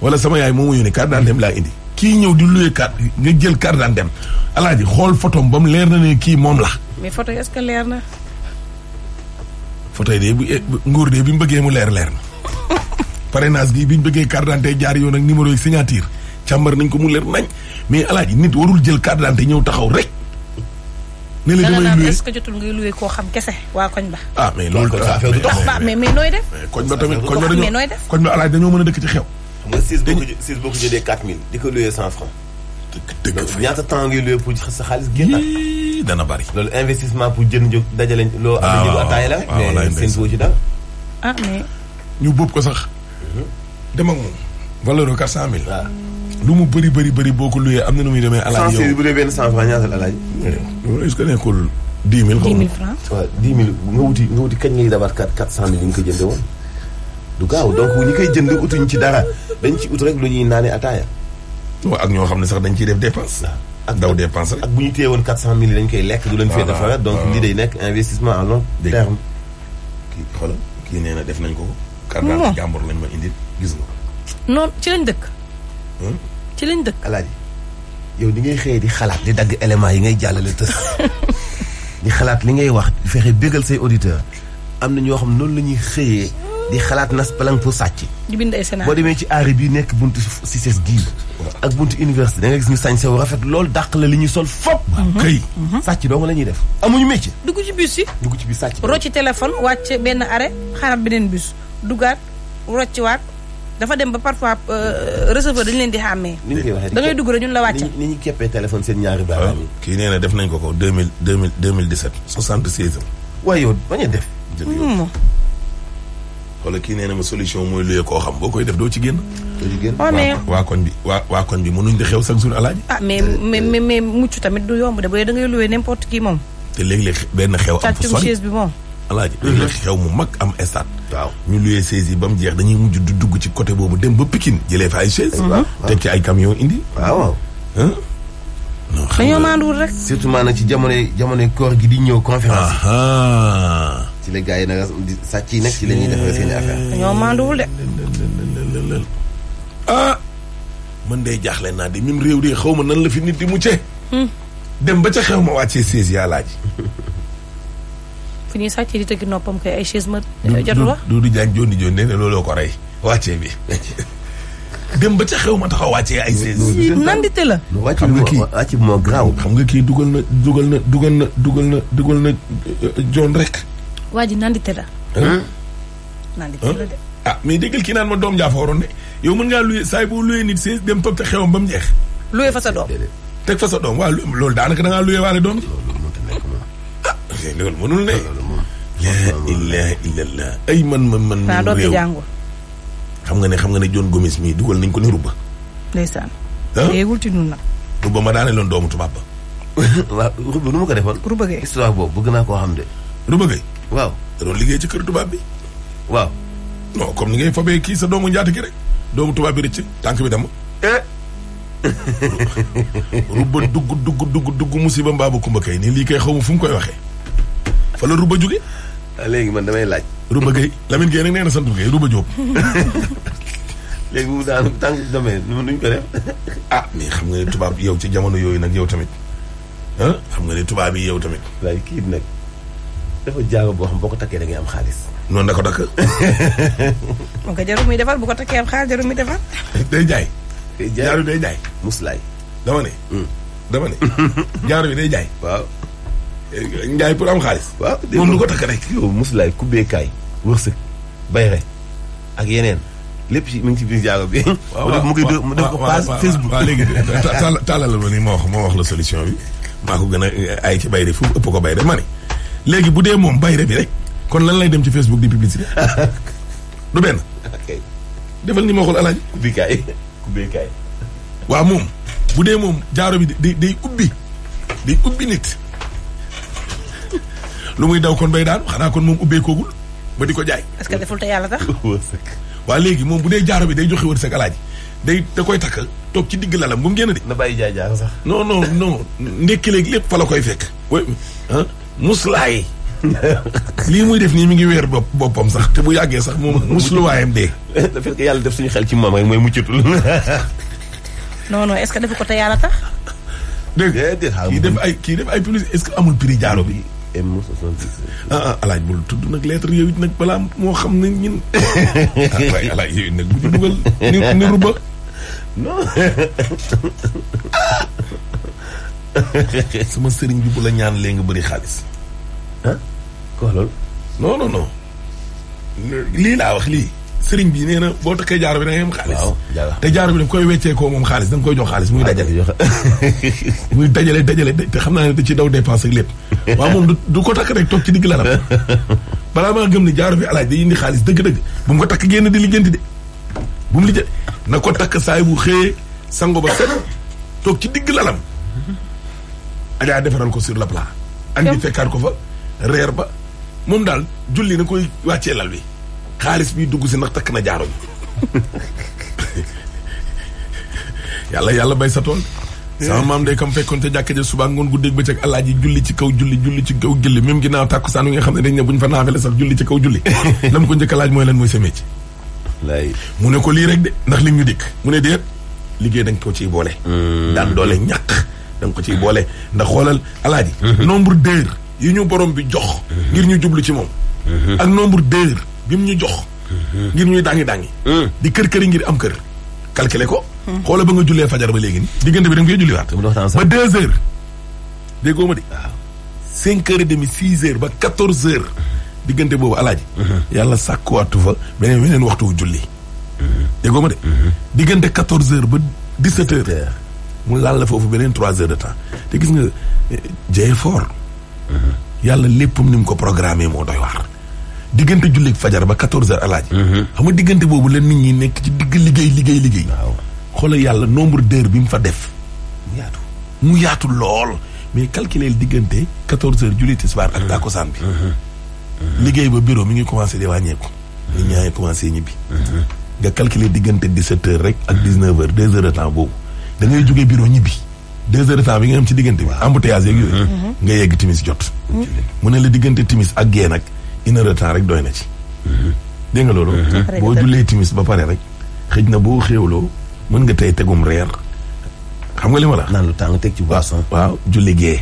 wala sama yaay moo ma yónnee carte d'identité laa indi kii ñëw di luye carte nga jël carte d'identité alaaji xool fotoom ba mu leer na ne kii moom la. mais photo est-ce que leer na. photo yi de bu eh, nguur bi mu bëggee mu leer leer na parrainage gi bi ñu bëggee carte d'identité jaar yoon ak numéro yi signature càmbar nañ ko mu leer nañ mais alaaji nit warul jël carte d'identité ñëw taxaw rek. ne la damay loué jotul ngay loué koo xam kese waa koñ ba. ah mais loolu mais ah, mais nooy def. koñ ba tamit dañoo mën a dëkk ci xew. di ko loué 100 francs. dëgg ñaata temps ngay loué pour sa xaalis génnaat. dana bari. loolu investissement pour jën jóg dajale. Ah, loo am njëgu ataaya la. mais seen ah, ñu boob ko sax. Mhm. dem ak moom valeur 400000. waaw. lu mu bëri bëri bëri boo ko luyee am na nu muy demee. alaaj yow bu dee benn cent franc ñaata alaaj. est ce que nekkul dix mille. dix mille franc waaw dix mille nga wuti nga wuti kañ ngay dabar quatre quatre cent mille ñu ngi ko jëndee woon. du gaaw donc ñi koy jënd utuñ ci dara dañ ci ut rek lu ñuy naanee ataaya. waaw ak ñoo xam ne sax dañ ciy def dépense. ak daw dépense rek. ak bu ñu téye woon quatre cent mille dañ koy lekk. du leen fee defaraat donc lii day nekk investissement à long terme. kii xoolal kii nee na def nañ ko. kàddaa jàmbur lañ ma indil gis nga. noonu ci lañ dëkk. Hmm? ci lañ dëkk. alaaji yow ni ngay xëyee di xalaat di dagg éléments yi ngay jàllale tës di xalaat li ngay wax fexe bégal say auditeur am na ñoo xam noonu la ñuy xëyee di xalaat nas palang pour sàcc. di bind ay scénario boo demee ci aari bi nekk buntu CICES gii. ak bunt université da nga gis ñu sañ sew rafet loolu dàq la li ñu sol fop mhm. këy mhm. sàcc dong la ñuy def amuñu métier. dugg ci bus yi. dugg ci bus sàcc. rocci téléphone wàcc benn arrêt xaaraat beneen bus duggaat rocciwaat. dafa dem ba par parfois euh, receveur dañu leen di xàmmee. da ngay dugg rek ñun la wàcce. ni ñu képpee téléphone seen ñaari baaraam yi. Ah, kii nee def nañ ko ko deux mille deux mille deux mille dix-sept. soixante-seize am. waaye yow bañ a def. jërëjëf hmm. wala kii nee na ma solution mooy luye koo xam boo koy def doo ci génn. doo oh, waa koñ bi waa waa koñ bi mënuñ di xew chaque jour alaaji. ah mais mais mais mucc tamit du yomb de bu dee da ngay luye n'importe qui moom. te léeg-léeg benn xew. am fu sori bi moom. alaaji mhm. léegi mu mag am stade waaw ñu luyee chaise yi ba mu jeex dañuy mujj du dugg ci côté boobu dem ba Pikine jëlee fa ay chaise mhm. ci ay camion indi waaw non dañoo maanduwul rek. surtout ci jamonoy jamonoy koor gi di ñëw conférence ci la yi nag di sàcc yi nag ci la de. ah man de jaaxle naa di même réew de xaw ma nan la fi nit di mucce. Hmm. dem ba ca xew ma wàccee seize yaa fu ñuy sàcc di tëgg noppam koy ay chaise ma jotul wax Doudou Diagne joni joni nee na looloo ko rey wàccee bi dem ba ca xew ma taxaw wàccee ay chaise nandite la xam graaw xam nga kii dugal na dugal na dugal na dugal na dugal na euh, joon rek ji nandite la nandite la de ah mais déggal kii naan ma doom jaafa waroon ne yow mën ngaa luye saa yi boo luyee nit chaise dem pëp ca xewam ba mu jeex luye fa sa doom teg fa sa doom waaw loolu daanaka da ngaa luye waale doom ji loolu mënul ne. laa ilaaha illallah ay man man man. man réew xam nga ne xam nga ne John Gomis mii dugal nañ ko ni Ruba. ndeysaan. Ah? léegul ci ñun nag. Ruba ma daane loon doomu tubaab ba. waaw Ruba nu ma ko defoon. Ruba Gueye bëgg naa koo xam de. Ruba Gueye. waaw da liggéey ci kër tubaab bi. waaw. non comme ni ngay fabee kii sa doomu njaati ki rek doomu tubaab bi ci tànk bi dem. Eh? Ruba dugg dugg dugg dugg musiba mbaabu kumba kay nii lii kay xaw ma fu mu koy waxee. fa la jóge ah, léegi man damay laaj. Rouba Gueye Lamine Gueye nag nee na sant Gueye Rouba Diop. léegi bu daan tànk demee nuñ ko def. ah mais xam nga ne tubaab yow ci jamono yooyu nag yow tamit ah, xam nga ne tubaab yi yow tamit. waaye kii nag dafa jaaro boo xam boo ko takkee da ngay am xaalis. noonu da ko dakk. moom ko jarul muy defar bu ko takkee am xaalis jarul muy defar. day jaay. day jaay jaaru day muslaay dama ne. Mm. dama ne jaaru bi day jaay. waaw. njaay pour am xaalis. waaw moom lu ko takk rek. yow musulaay kubbeekaay wërsëg bayre ak yeneen lépp ci mu ngi ci biir jaago bi. mu koy mu def ko page Facebook. waaw léegi tàllal wax la solution bi maa ko gën a eh, ay ci bayre ëpp ko bayre ma léegi bu dee moom bayre bi rek kon lan lay dem ci Facebook di publicité du benn. defal ni ma waxul alaaji. kubbeekaay kubbeekaay. moom bu dee moom jaaro bi day day ubbi day ubbi nit. lu muy daw kon bay daanu xanaa kon moom ubbeekoogul ba di ko jaay. parce que deful te yàlla tax. waa léegi moom bu dee jaaro bi day joxe wërsëg alaaji day da koy takk toog ci digg lalam bu mu génn di. na bàyyi jaay jaar sax. non non non ndekki léegi lépp fa koy fekk. oui ah muslaay. lii def nii mi ngi weer bopp boppam sax te bu yàggee sax moom musluwaayam dee. le fait que yàlla def suñu xel ci moom rek mooy muccatul. non non est-ce que defu ko te yàlla tax. dégg kii def ay kii def ay publicité est-ce que amul prix jaaro bi. M 77. ah ah El Hadj bul tudd nag lettre yow nag balaa moo xam ne ñun. ah waaye El Hadj nag bu ñu dugal ni ni ruba. non. sama sëriñ bi bu la ñaan lee nga bari xaalis. ko loolu. non non non. lii laa wax lii. sëriñ bi nee na boo takkee jaaro na da ngay am xaalis. te jaaro bi da koy weccee koo moom xaalis da nga koy jox xaalis muy dajale. muy dajale dajale te xam naa ne da ci daw dépense ak lépp. waaw moom du ko takk rek toog ci digg laram balaa maa gëm ne jaaro bi alaaj day indi xaalis dëgg-dëgg bu mu ko takk génn di lijjanti de bu mu lijjanti na ko takk saay bu xëyee sango ba set toog ci digg lalam. ajaa defaral ko sur le plat. andi fekkaat ko fa reer ba moom daal julli na koy wàccee lal bi. xaalis bii dugg si ndax takk na jaaro bi yàlla yàlla bay sa tool eh. sama maam day kam fekkoon ca jàkka ja subaa ngoon ca bëccëg yi julli ci kaw julli julli ci kaw julli même ginnaaw tàkkusaan yi nga xam ne dañ ne buñ fa naafale sax julli ci kaw julli lam ko njëkk a laaj mooy lan mooy sa métier lay mu ne ko lii rek de ndax li ñu dikk mu ne déet liggéey da nga ko ciy boole hmm. daan doole ñàkk da ko ciy boole ndax xoolal alaaji hmm. nombre d'heures yi ñu borom bi jox hmm. ngir ñu jublu ci moom ak nombre bi mu ñu jox. Mhm. ngir ñuy daangi daangi. Hmm. di kër kër yi ngir am kër. calculer ko. Hmm. xoola ba nga jullee fajar ba léegi nii. diggante bi da nga koy julliwaat. ba deux heures. Hmm. ma de. waaw ah. cinq heures demi six heures ba quatorze heures. diggante boobu alaaji. yàlla sàkkuwaatu fa beneen beneen waxtu wu julli. déggoo ma de. diggante quatorze heures ba dix sept heures. mu laal foofu beneen trois heures de temps te gis nga eh, jëye fort. yàlla léppam ni mu ko programmé moo doy waar. diggante julleeg fajar ba quatorze heures alaaji mhm. xam nga diggante boobu la nit ñi nekk ci digg liggéey liggéey liggéey xoola yàlla nombre d'heures bi mu fa def mu yaatu lool mais calculeel diggante quatorze heures julli tisbaar ak mhm. takkusaan bi mhm. liggéey ba bureau mi ngi commencé de wàññeeku nit ñaa ngi commencé ñibbi nga calculer diggante dix-sept rek ak dix-neuf heures deux heures de temps boobu da ngay jógee bureau ñibbi deux heures de temps bi nga am ci diggante bi embouteillage yeeg yooyu nga yegg timis jot mu ne la diggante timis ak gée nag une de temps rek doy na ci. Mhm. dégg nga loolu. Mhm. boo jullee timis ba pare rek. xëj na boo xéewloo mën nga tey tegum reer. xam nga li ma la. naan lu tàng teg ci boisson. waaw julli gee.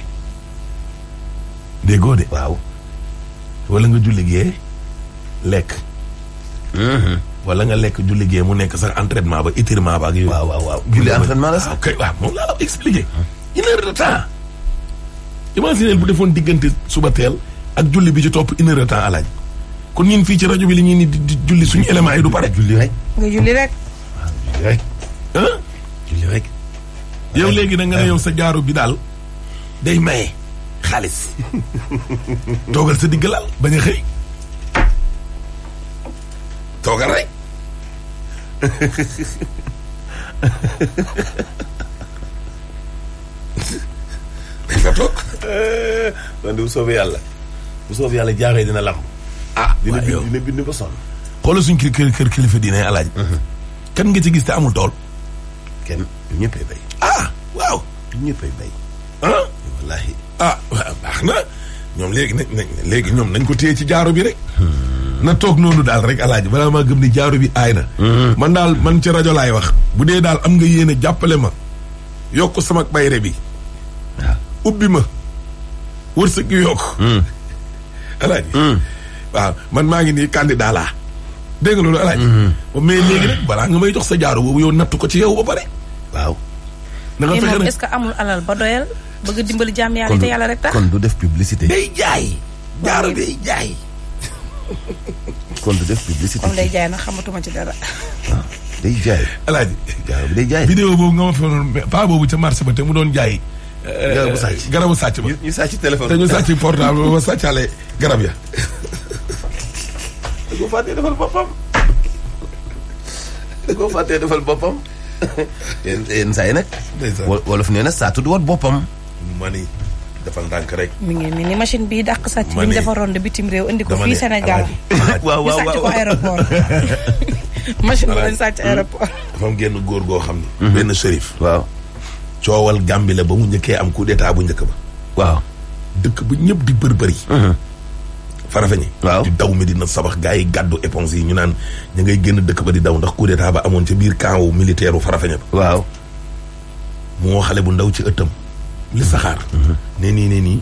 déggoo de. waaw. wala nga julli gee lekk. Mhm. wala nga lekk julli gee mu nekk sax entraînement ba étirement ba ak yooyu. waaw waaw waaw la ah, sax. ok waaw moom laa la expliqué. Ah. une de temps. imaginez bu defoon diggante suba teel. ak julli bi ci topp une alaaj kon ñun fii ci rajo bi li ñuy ni di julli suñu éléments yi du pare. julli rek. nga julli ah, yow léegi da ah. yow sa jaaru bi daal day maye xaalis toogal sa digg laal bañ a xëy toogal rek. dañ toog. Eh, man de bu yàlla. bu soob yàlla jaaxee dina lamb ah dina bind dina bind ba sonn xoolal suñ kër kër kër kilifa diine alaaj mhm. kan nga ci gis te amul tool kenn ñëppay bay ah waaw ñëppay bay ah. ah waaw baax na ñoom léegi nañ léegi ñoom nañ ko téye ci jaaro bi rek hmm. na toog noonu daal rek alaaji balaa maa gëm ni jaaro bi aay na hmm. man daal man ci rajo laay wax bu dee daal am nga yéene jàppale ma yokk sama bayre bi ah. ubbi ma wërsëg yokk hmm. Hmm. waaw man maa ngi nii candidat laa dégg nga loolu alaaji hmm. mais léegi nag balaa nga may jox sa jaaro boobu yow nattu ko ci yow ba pare waaw na nga fexe nag ce que amul alal ba doyal bëgg dimbali jàmm yàlla te yàlla rek tax kon du def publicité day jaay jaaro day jaay kon du def publicité comme day jaay nag xamatuma ci dara waaw ah, day jaay alaaji jaaro bi boobu nga ma fa paa boobu ca marché ba te mu doon jaay Eh, garabu sàcc garabu sàcc ba. ñu sàcc téléphone. te ñu sàcc portable ba garab ya. da koo fàttee defal boppam. da koo fàttee defal boppam. yenn saa yi nag. wolof nee na saa tudd woon boppam. mani defal ndànk rek. mi ngi ni ni machine bii dàq sàcc. mani bi ñu defaroon de bitim réew indi ko fii Sénégal. waaw waaw waaw ñu sàcc ko aéroport. machine bi lañ sàcc aéroport. dafa am génn góor goo xam ni. Mhm. benn shérif waaw. coowal Gàmbi la ba mu njëkkee am coup d'état bu njëkk ba. waaw dëkk bu ñëpp di bër bërbëri. Mhm. Farafeñe. waaw di daw Medina Sabax gars yi gàddu éponge yi ñu naan ñu ngay génn dëkk ba di daw ndax ku d'état ba amoon ca biir kaawu wu militaire wu Farafeñe ba. waaw moo xale bu ndaw ci ëttam. li saxaar. Mhm. Mhm. ne nii ne nii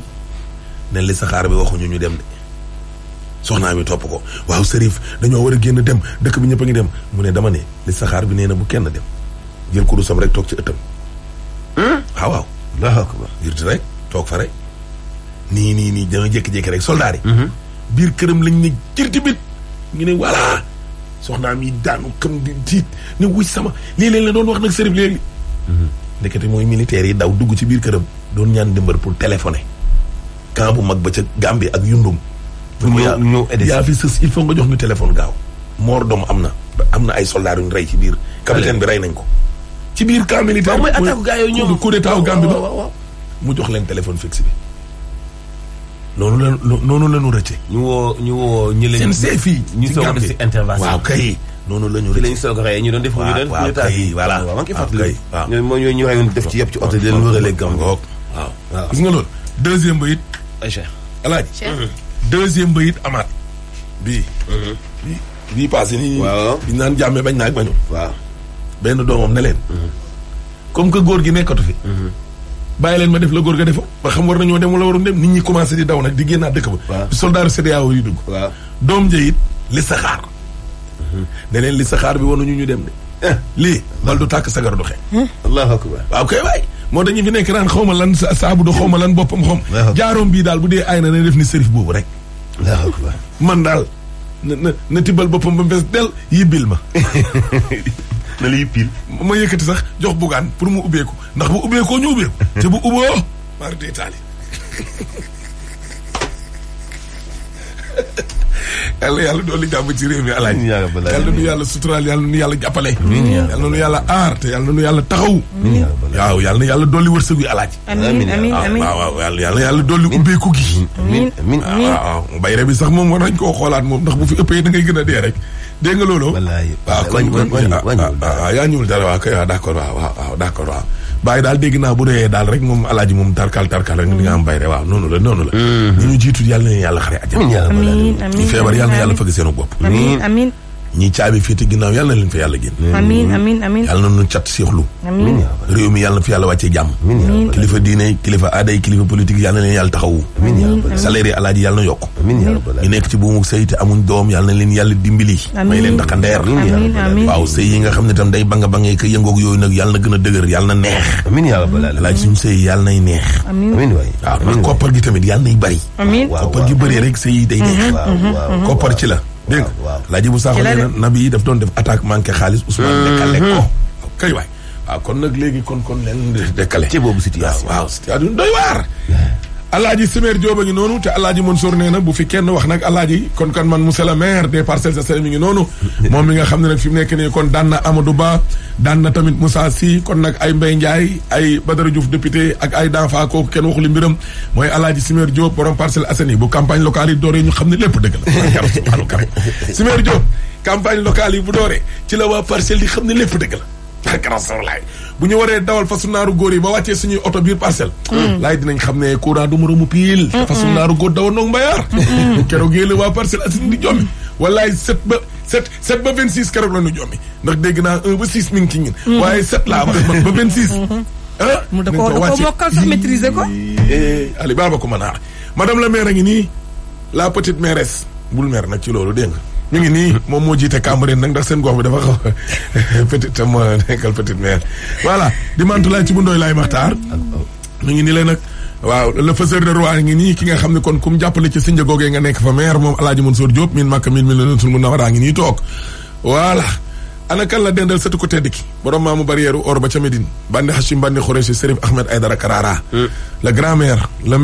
ne li saxaar bi waxuñu ñu dem de. soxnaa bi topp ko waaw Serif dañoo war a génn dem dëkk bi ñëpp a ngi dem mu ne dama ne li saxaar bi nee na bu kenn dem jël kurusam rek toog ci ëttam. waaw waaw. allahu rek toog fa rek. nii nii nii da nga jékki-jékki rek soldaar yi. Mhm. biir këram lañ ne jirti bit ñu ne voilà soxnaam yi daanu kam di diit ne wuy sama lii leen la doon wax nag sërib léegi. Mhm. ndekete mooy militaire yi daw dugg ci biir këram doon ñaan dimbal pour téléphone camp bu mag ba ca bi ak Yundum. pour mu yaa fi sës il faut nga jox ñu téléphone gaaw. moor doom am na am na ay soldaar yu rey ci biir. capitaine bi rey nañ ko. ci biir camp militaire. mooy attaque yooyu ñoom coup d'état Gambie ba mu jox leen téléphone fixe bi. noonu la noonu la ñu rëcce. ñu woo ñu woo ñu leen. seen fii ñu soog a def si intervention waaw kay. noonu la ñu rëcce lañ soog a ñu doon def. waaw waaw kay voilà waaw kay waaw. ñoom ñoo ñu reyoon def ci yëpp ci oto di leen wërale gam. waaw waaw gis nga loolu. deuxième bayit. aycha amaat. bii. Mm-hmm. bii bii passé nii. waaw bi naan waaw. benn doomam ne leen. comme que góor gi nekkatu fi. bàyyi leen ma def la góor ga defoo ba xam war ñoo dem wala waroon dem nit ñi commencé di daw nag di génnaat dëkk ba. waaw soldaaru CEDEAO yu dugg. waaw doom jëyit li saxaar. ne leen li saxaar bi wanuñu ñu ñu dem de. Eh, lii bal du tàkk sagar du xe. Hmm? allahu akbar waaw kay waay. moo dañu fi nekk naan xaw ma lan saabu do xaw ma lan boppam xom jaaroom bii daal bu dee ay na ne def ni sërif boobu rek. allahu man daal na na na tibbal boppam ba mu fees del ma. da lay piil ma yëkkati sax jox bugaan pour mu ubbeeku ndax bu ubbeekoo ñu ubbeeku te bu ubboo mar de taali yàlla yàlla dolli jàmm ci réew mi alaaj yàlla nu yàlla yàlla nu yàlla yàlla nu yàlla aar te yàlla nu yàlla taxawu waaw yàlla na yàlla dolli wërsëg yi alaaj amiin amiin amiin waaw waaw yàlla yàlla dolli ubbeeku gi bi sax moom war nañ koo xoolaat moom ndax bu fi ëppee da ngay gën a dee rek dégg nga loolu. wallaay ah, waaw ah, ah, yaa ñuul dara waaw kay waaw d' accord waaw waaw d' accord daal dégg naa bu dee daal rek moom alaaji moom tarkal tarkal rek ni nga am bay rek waaw noonu la noonu la. Mm-hmm. ñu jiitu yàlla na yàlla xare àjjana. a amiin ñu feebar yàlla na yàlla fëgg seen bopp. amiin ñi caabi fii te ginnaaw yàlla na leen fa yàlla génn. amiin amiin amiin yàlla na nu cat seexlu. réew mi yàlla na fi yàlla wàccee jàmm. amiin kilifa diine kilifa aaday kilifa politique yàlla na leen yàlla taxawu. amiin yàlla yokk. ci buumu sëy te amuñ doom yàlla na leen yàlla dimbali. may leen taxandeer. waaw sëy yi nga xam ne tam day banga banga ka yëngoog yooyu nag yàlla na gën a dëgër yàlla na neex. amiin alaaji suñu sëy yal nay neex. amiin waaw ndax koppar gi tamit yàlla nay bari. koppar gi bëree rek sëy yi day neex. Mhm, mhm, mhm. koppar ci la dégg nga waaw laaj bu saaxo nee na nabi yi daf doon def attaque manqué xaalis Ousmane dekkale ko o waay waaw kon nag léegi kon kon leen dekkale ci boobu situation waaw situation doy waar alaaji Simeer Joob a ngi noonu te alaaji Mansour nee na bu fi kenn wax nag alaaji kon kan man monsieur le maire des Parcelles Assainies mi ngi noonu moom mi nga xam ne fi mu nekk nii kon daan na Amadou Ba daan na tamit Moussa Sy kon nag ay Mbaye Ndiaye ay Badara Diouf député ak ay Danfa kooku kenn waxu li mbiram mooy alaaji Simeer Joob borom Parcelles Assainies bu campagne locale yi dooree ñu xam ne lépp dëgg yi bu dooree ci la waa parcelle yi xam ne lépp dëgg la barke Rasulullaay bu ñu waree dawal fasu naaru góor yi ba wàccee suñuy oto biir parcelle hmm. laay dinañ xam ne courant du moromu piil hmm, fasu hmm. naaru góor dawa noog mbayaar keroog yéen waa Parcelles Assainies di jommi wallaay set ba sept sept ba vingt six keroog la jommi ndax dégg naa ba six mi ngi ci ñun waaye sept laa wax man ba vingt six ah mu da ko bokkal sax ko eh, Ali Baba ko manaar madame la maire a ngi nii la petite mairesse bul maire nag ci loolu dégg nga ñu ngi nii moom moo jiite Cambérène nag ndax seen gox bi dafa xaw a petite ma nekkal petite mère voilà di mantu laay ci bu laay maxtaar ñu ngi nii leen nag waaw le faiseur de roi ngi nii ki nga xam ne kon kum jàppale ci sinja googee nga nekk fa maire moom Alaaji Mansour Diop min màkk min min leen sul mu nawaraa ngi nii toog voilà ana la dendal sëtu ko tedd ki borom maamu barrière or ba ca Médine bandi Hachim bandi Khoureyssi Serif Ahmed Aïdara Karara euh. le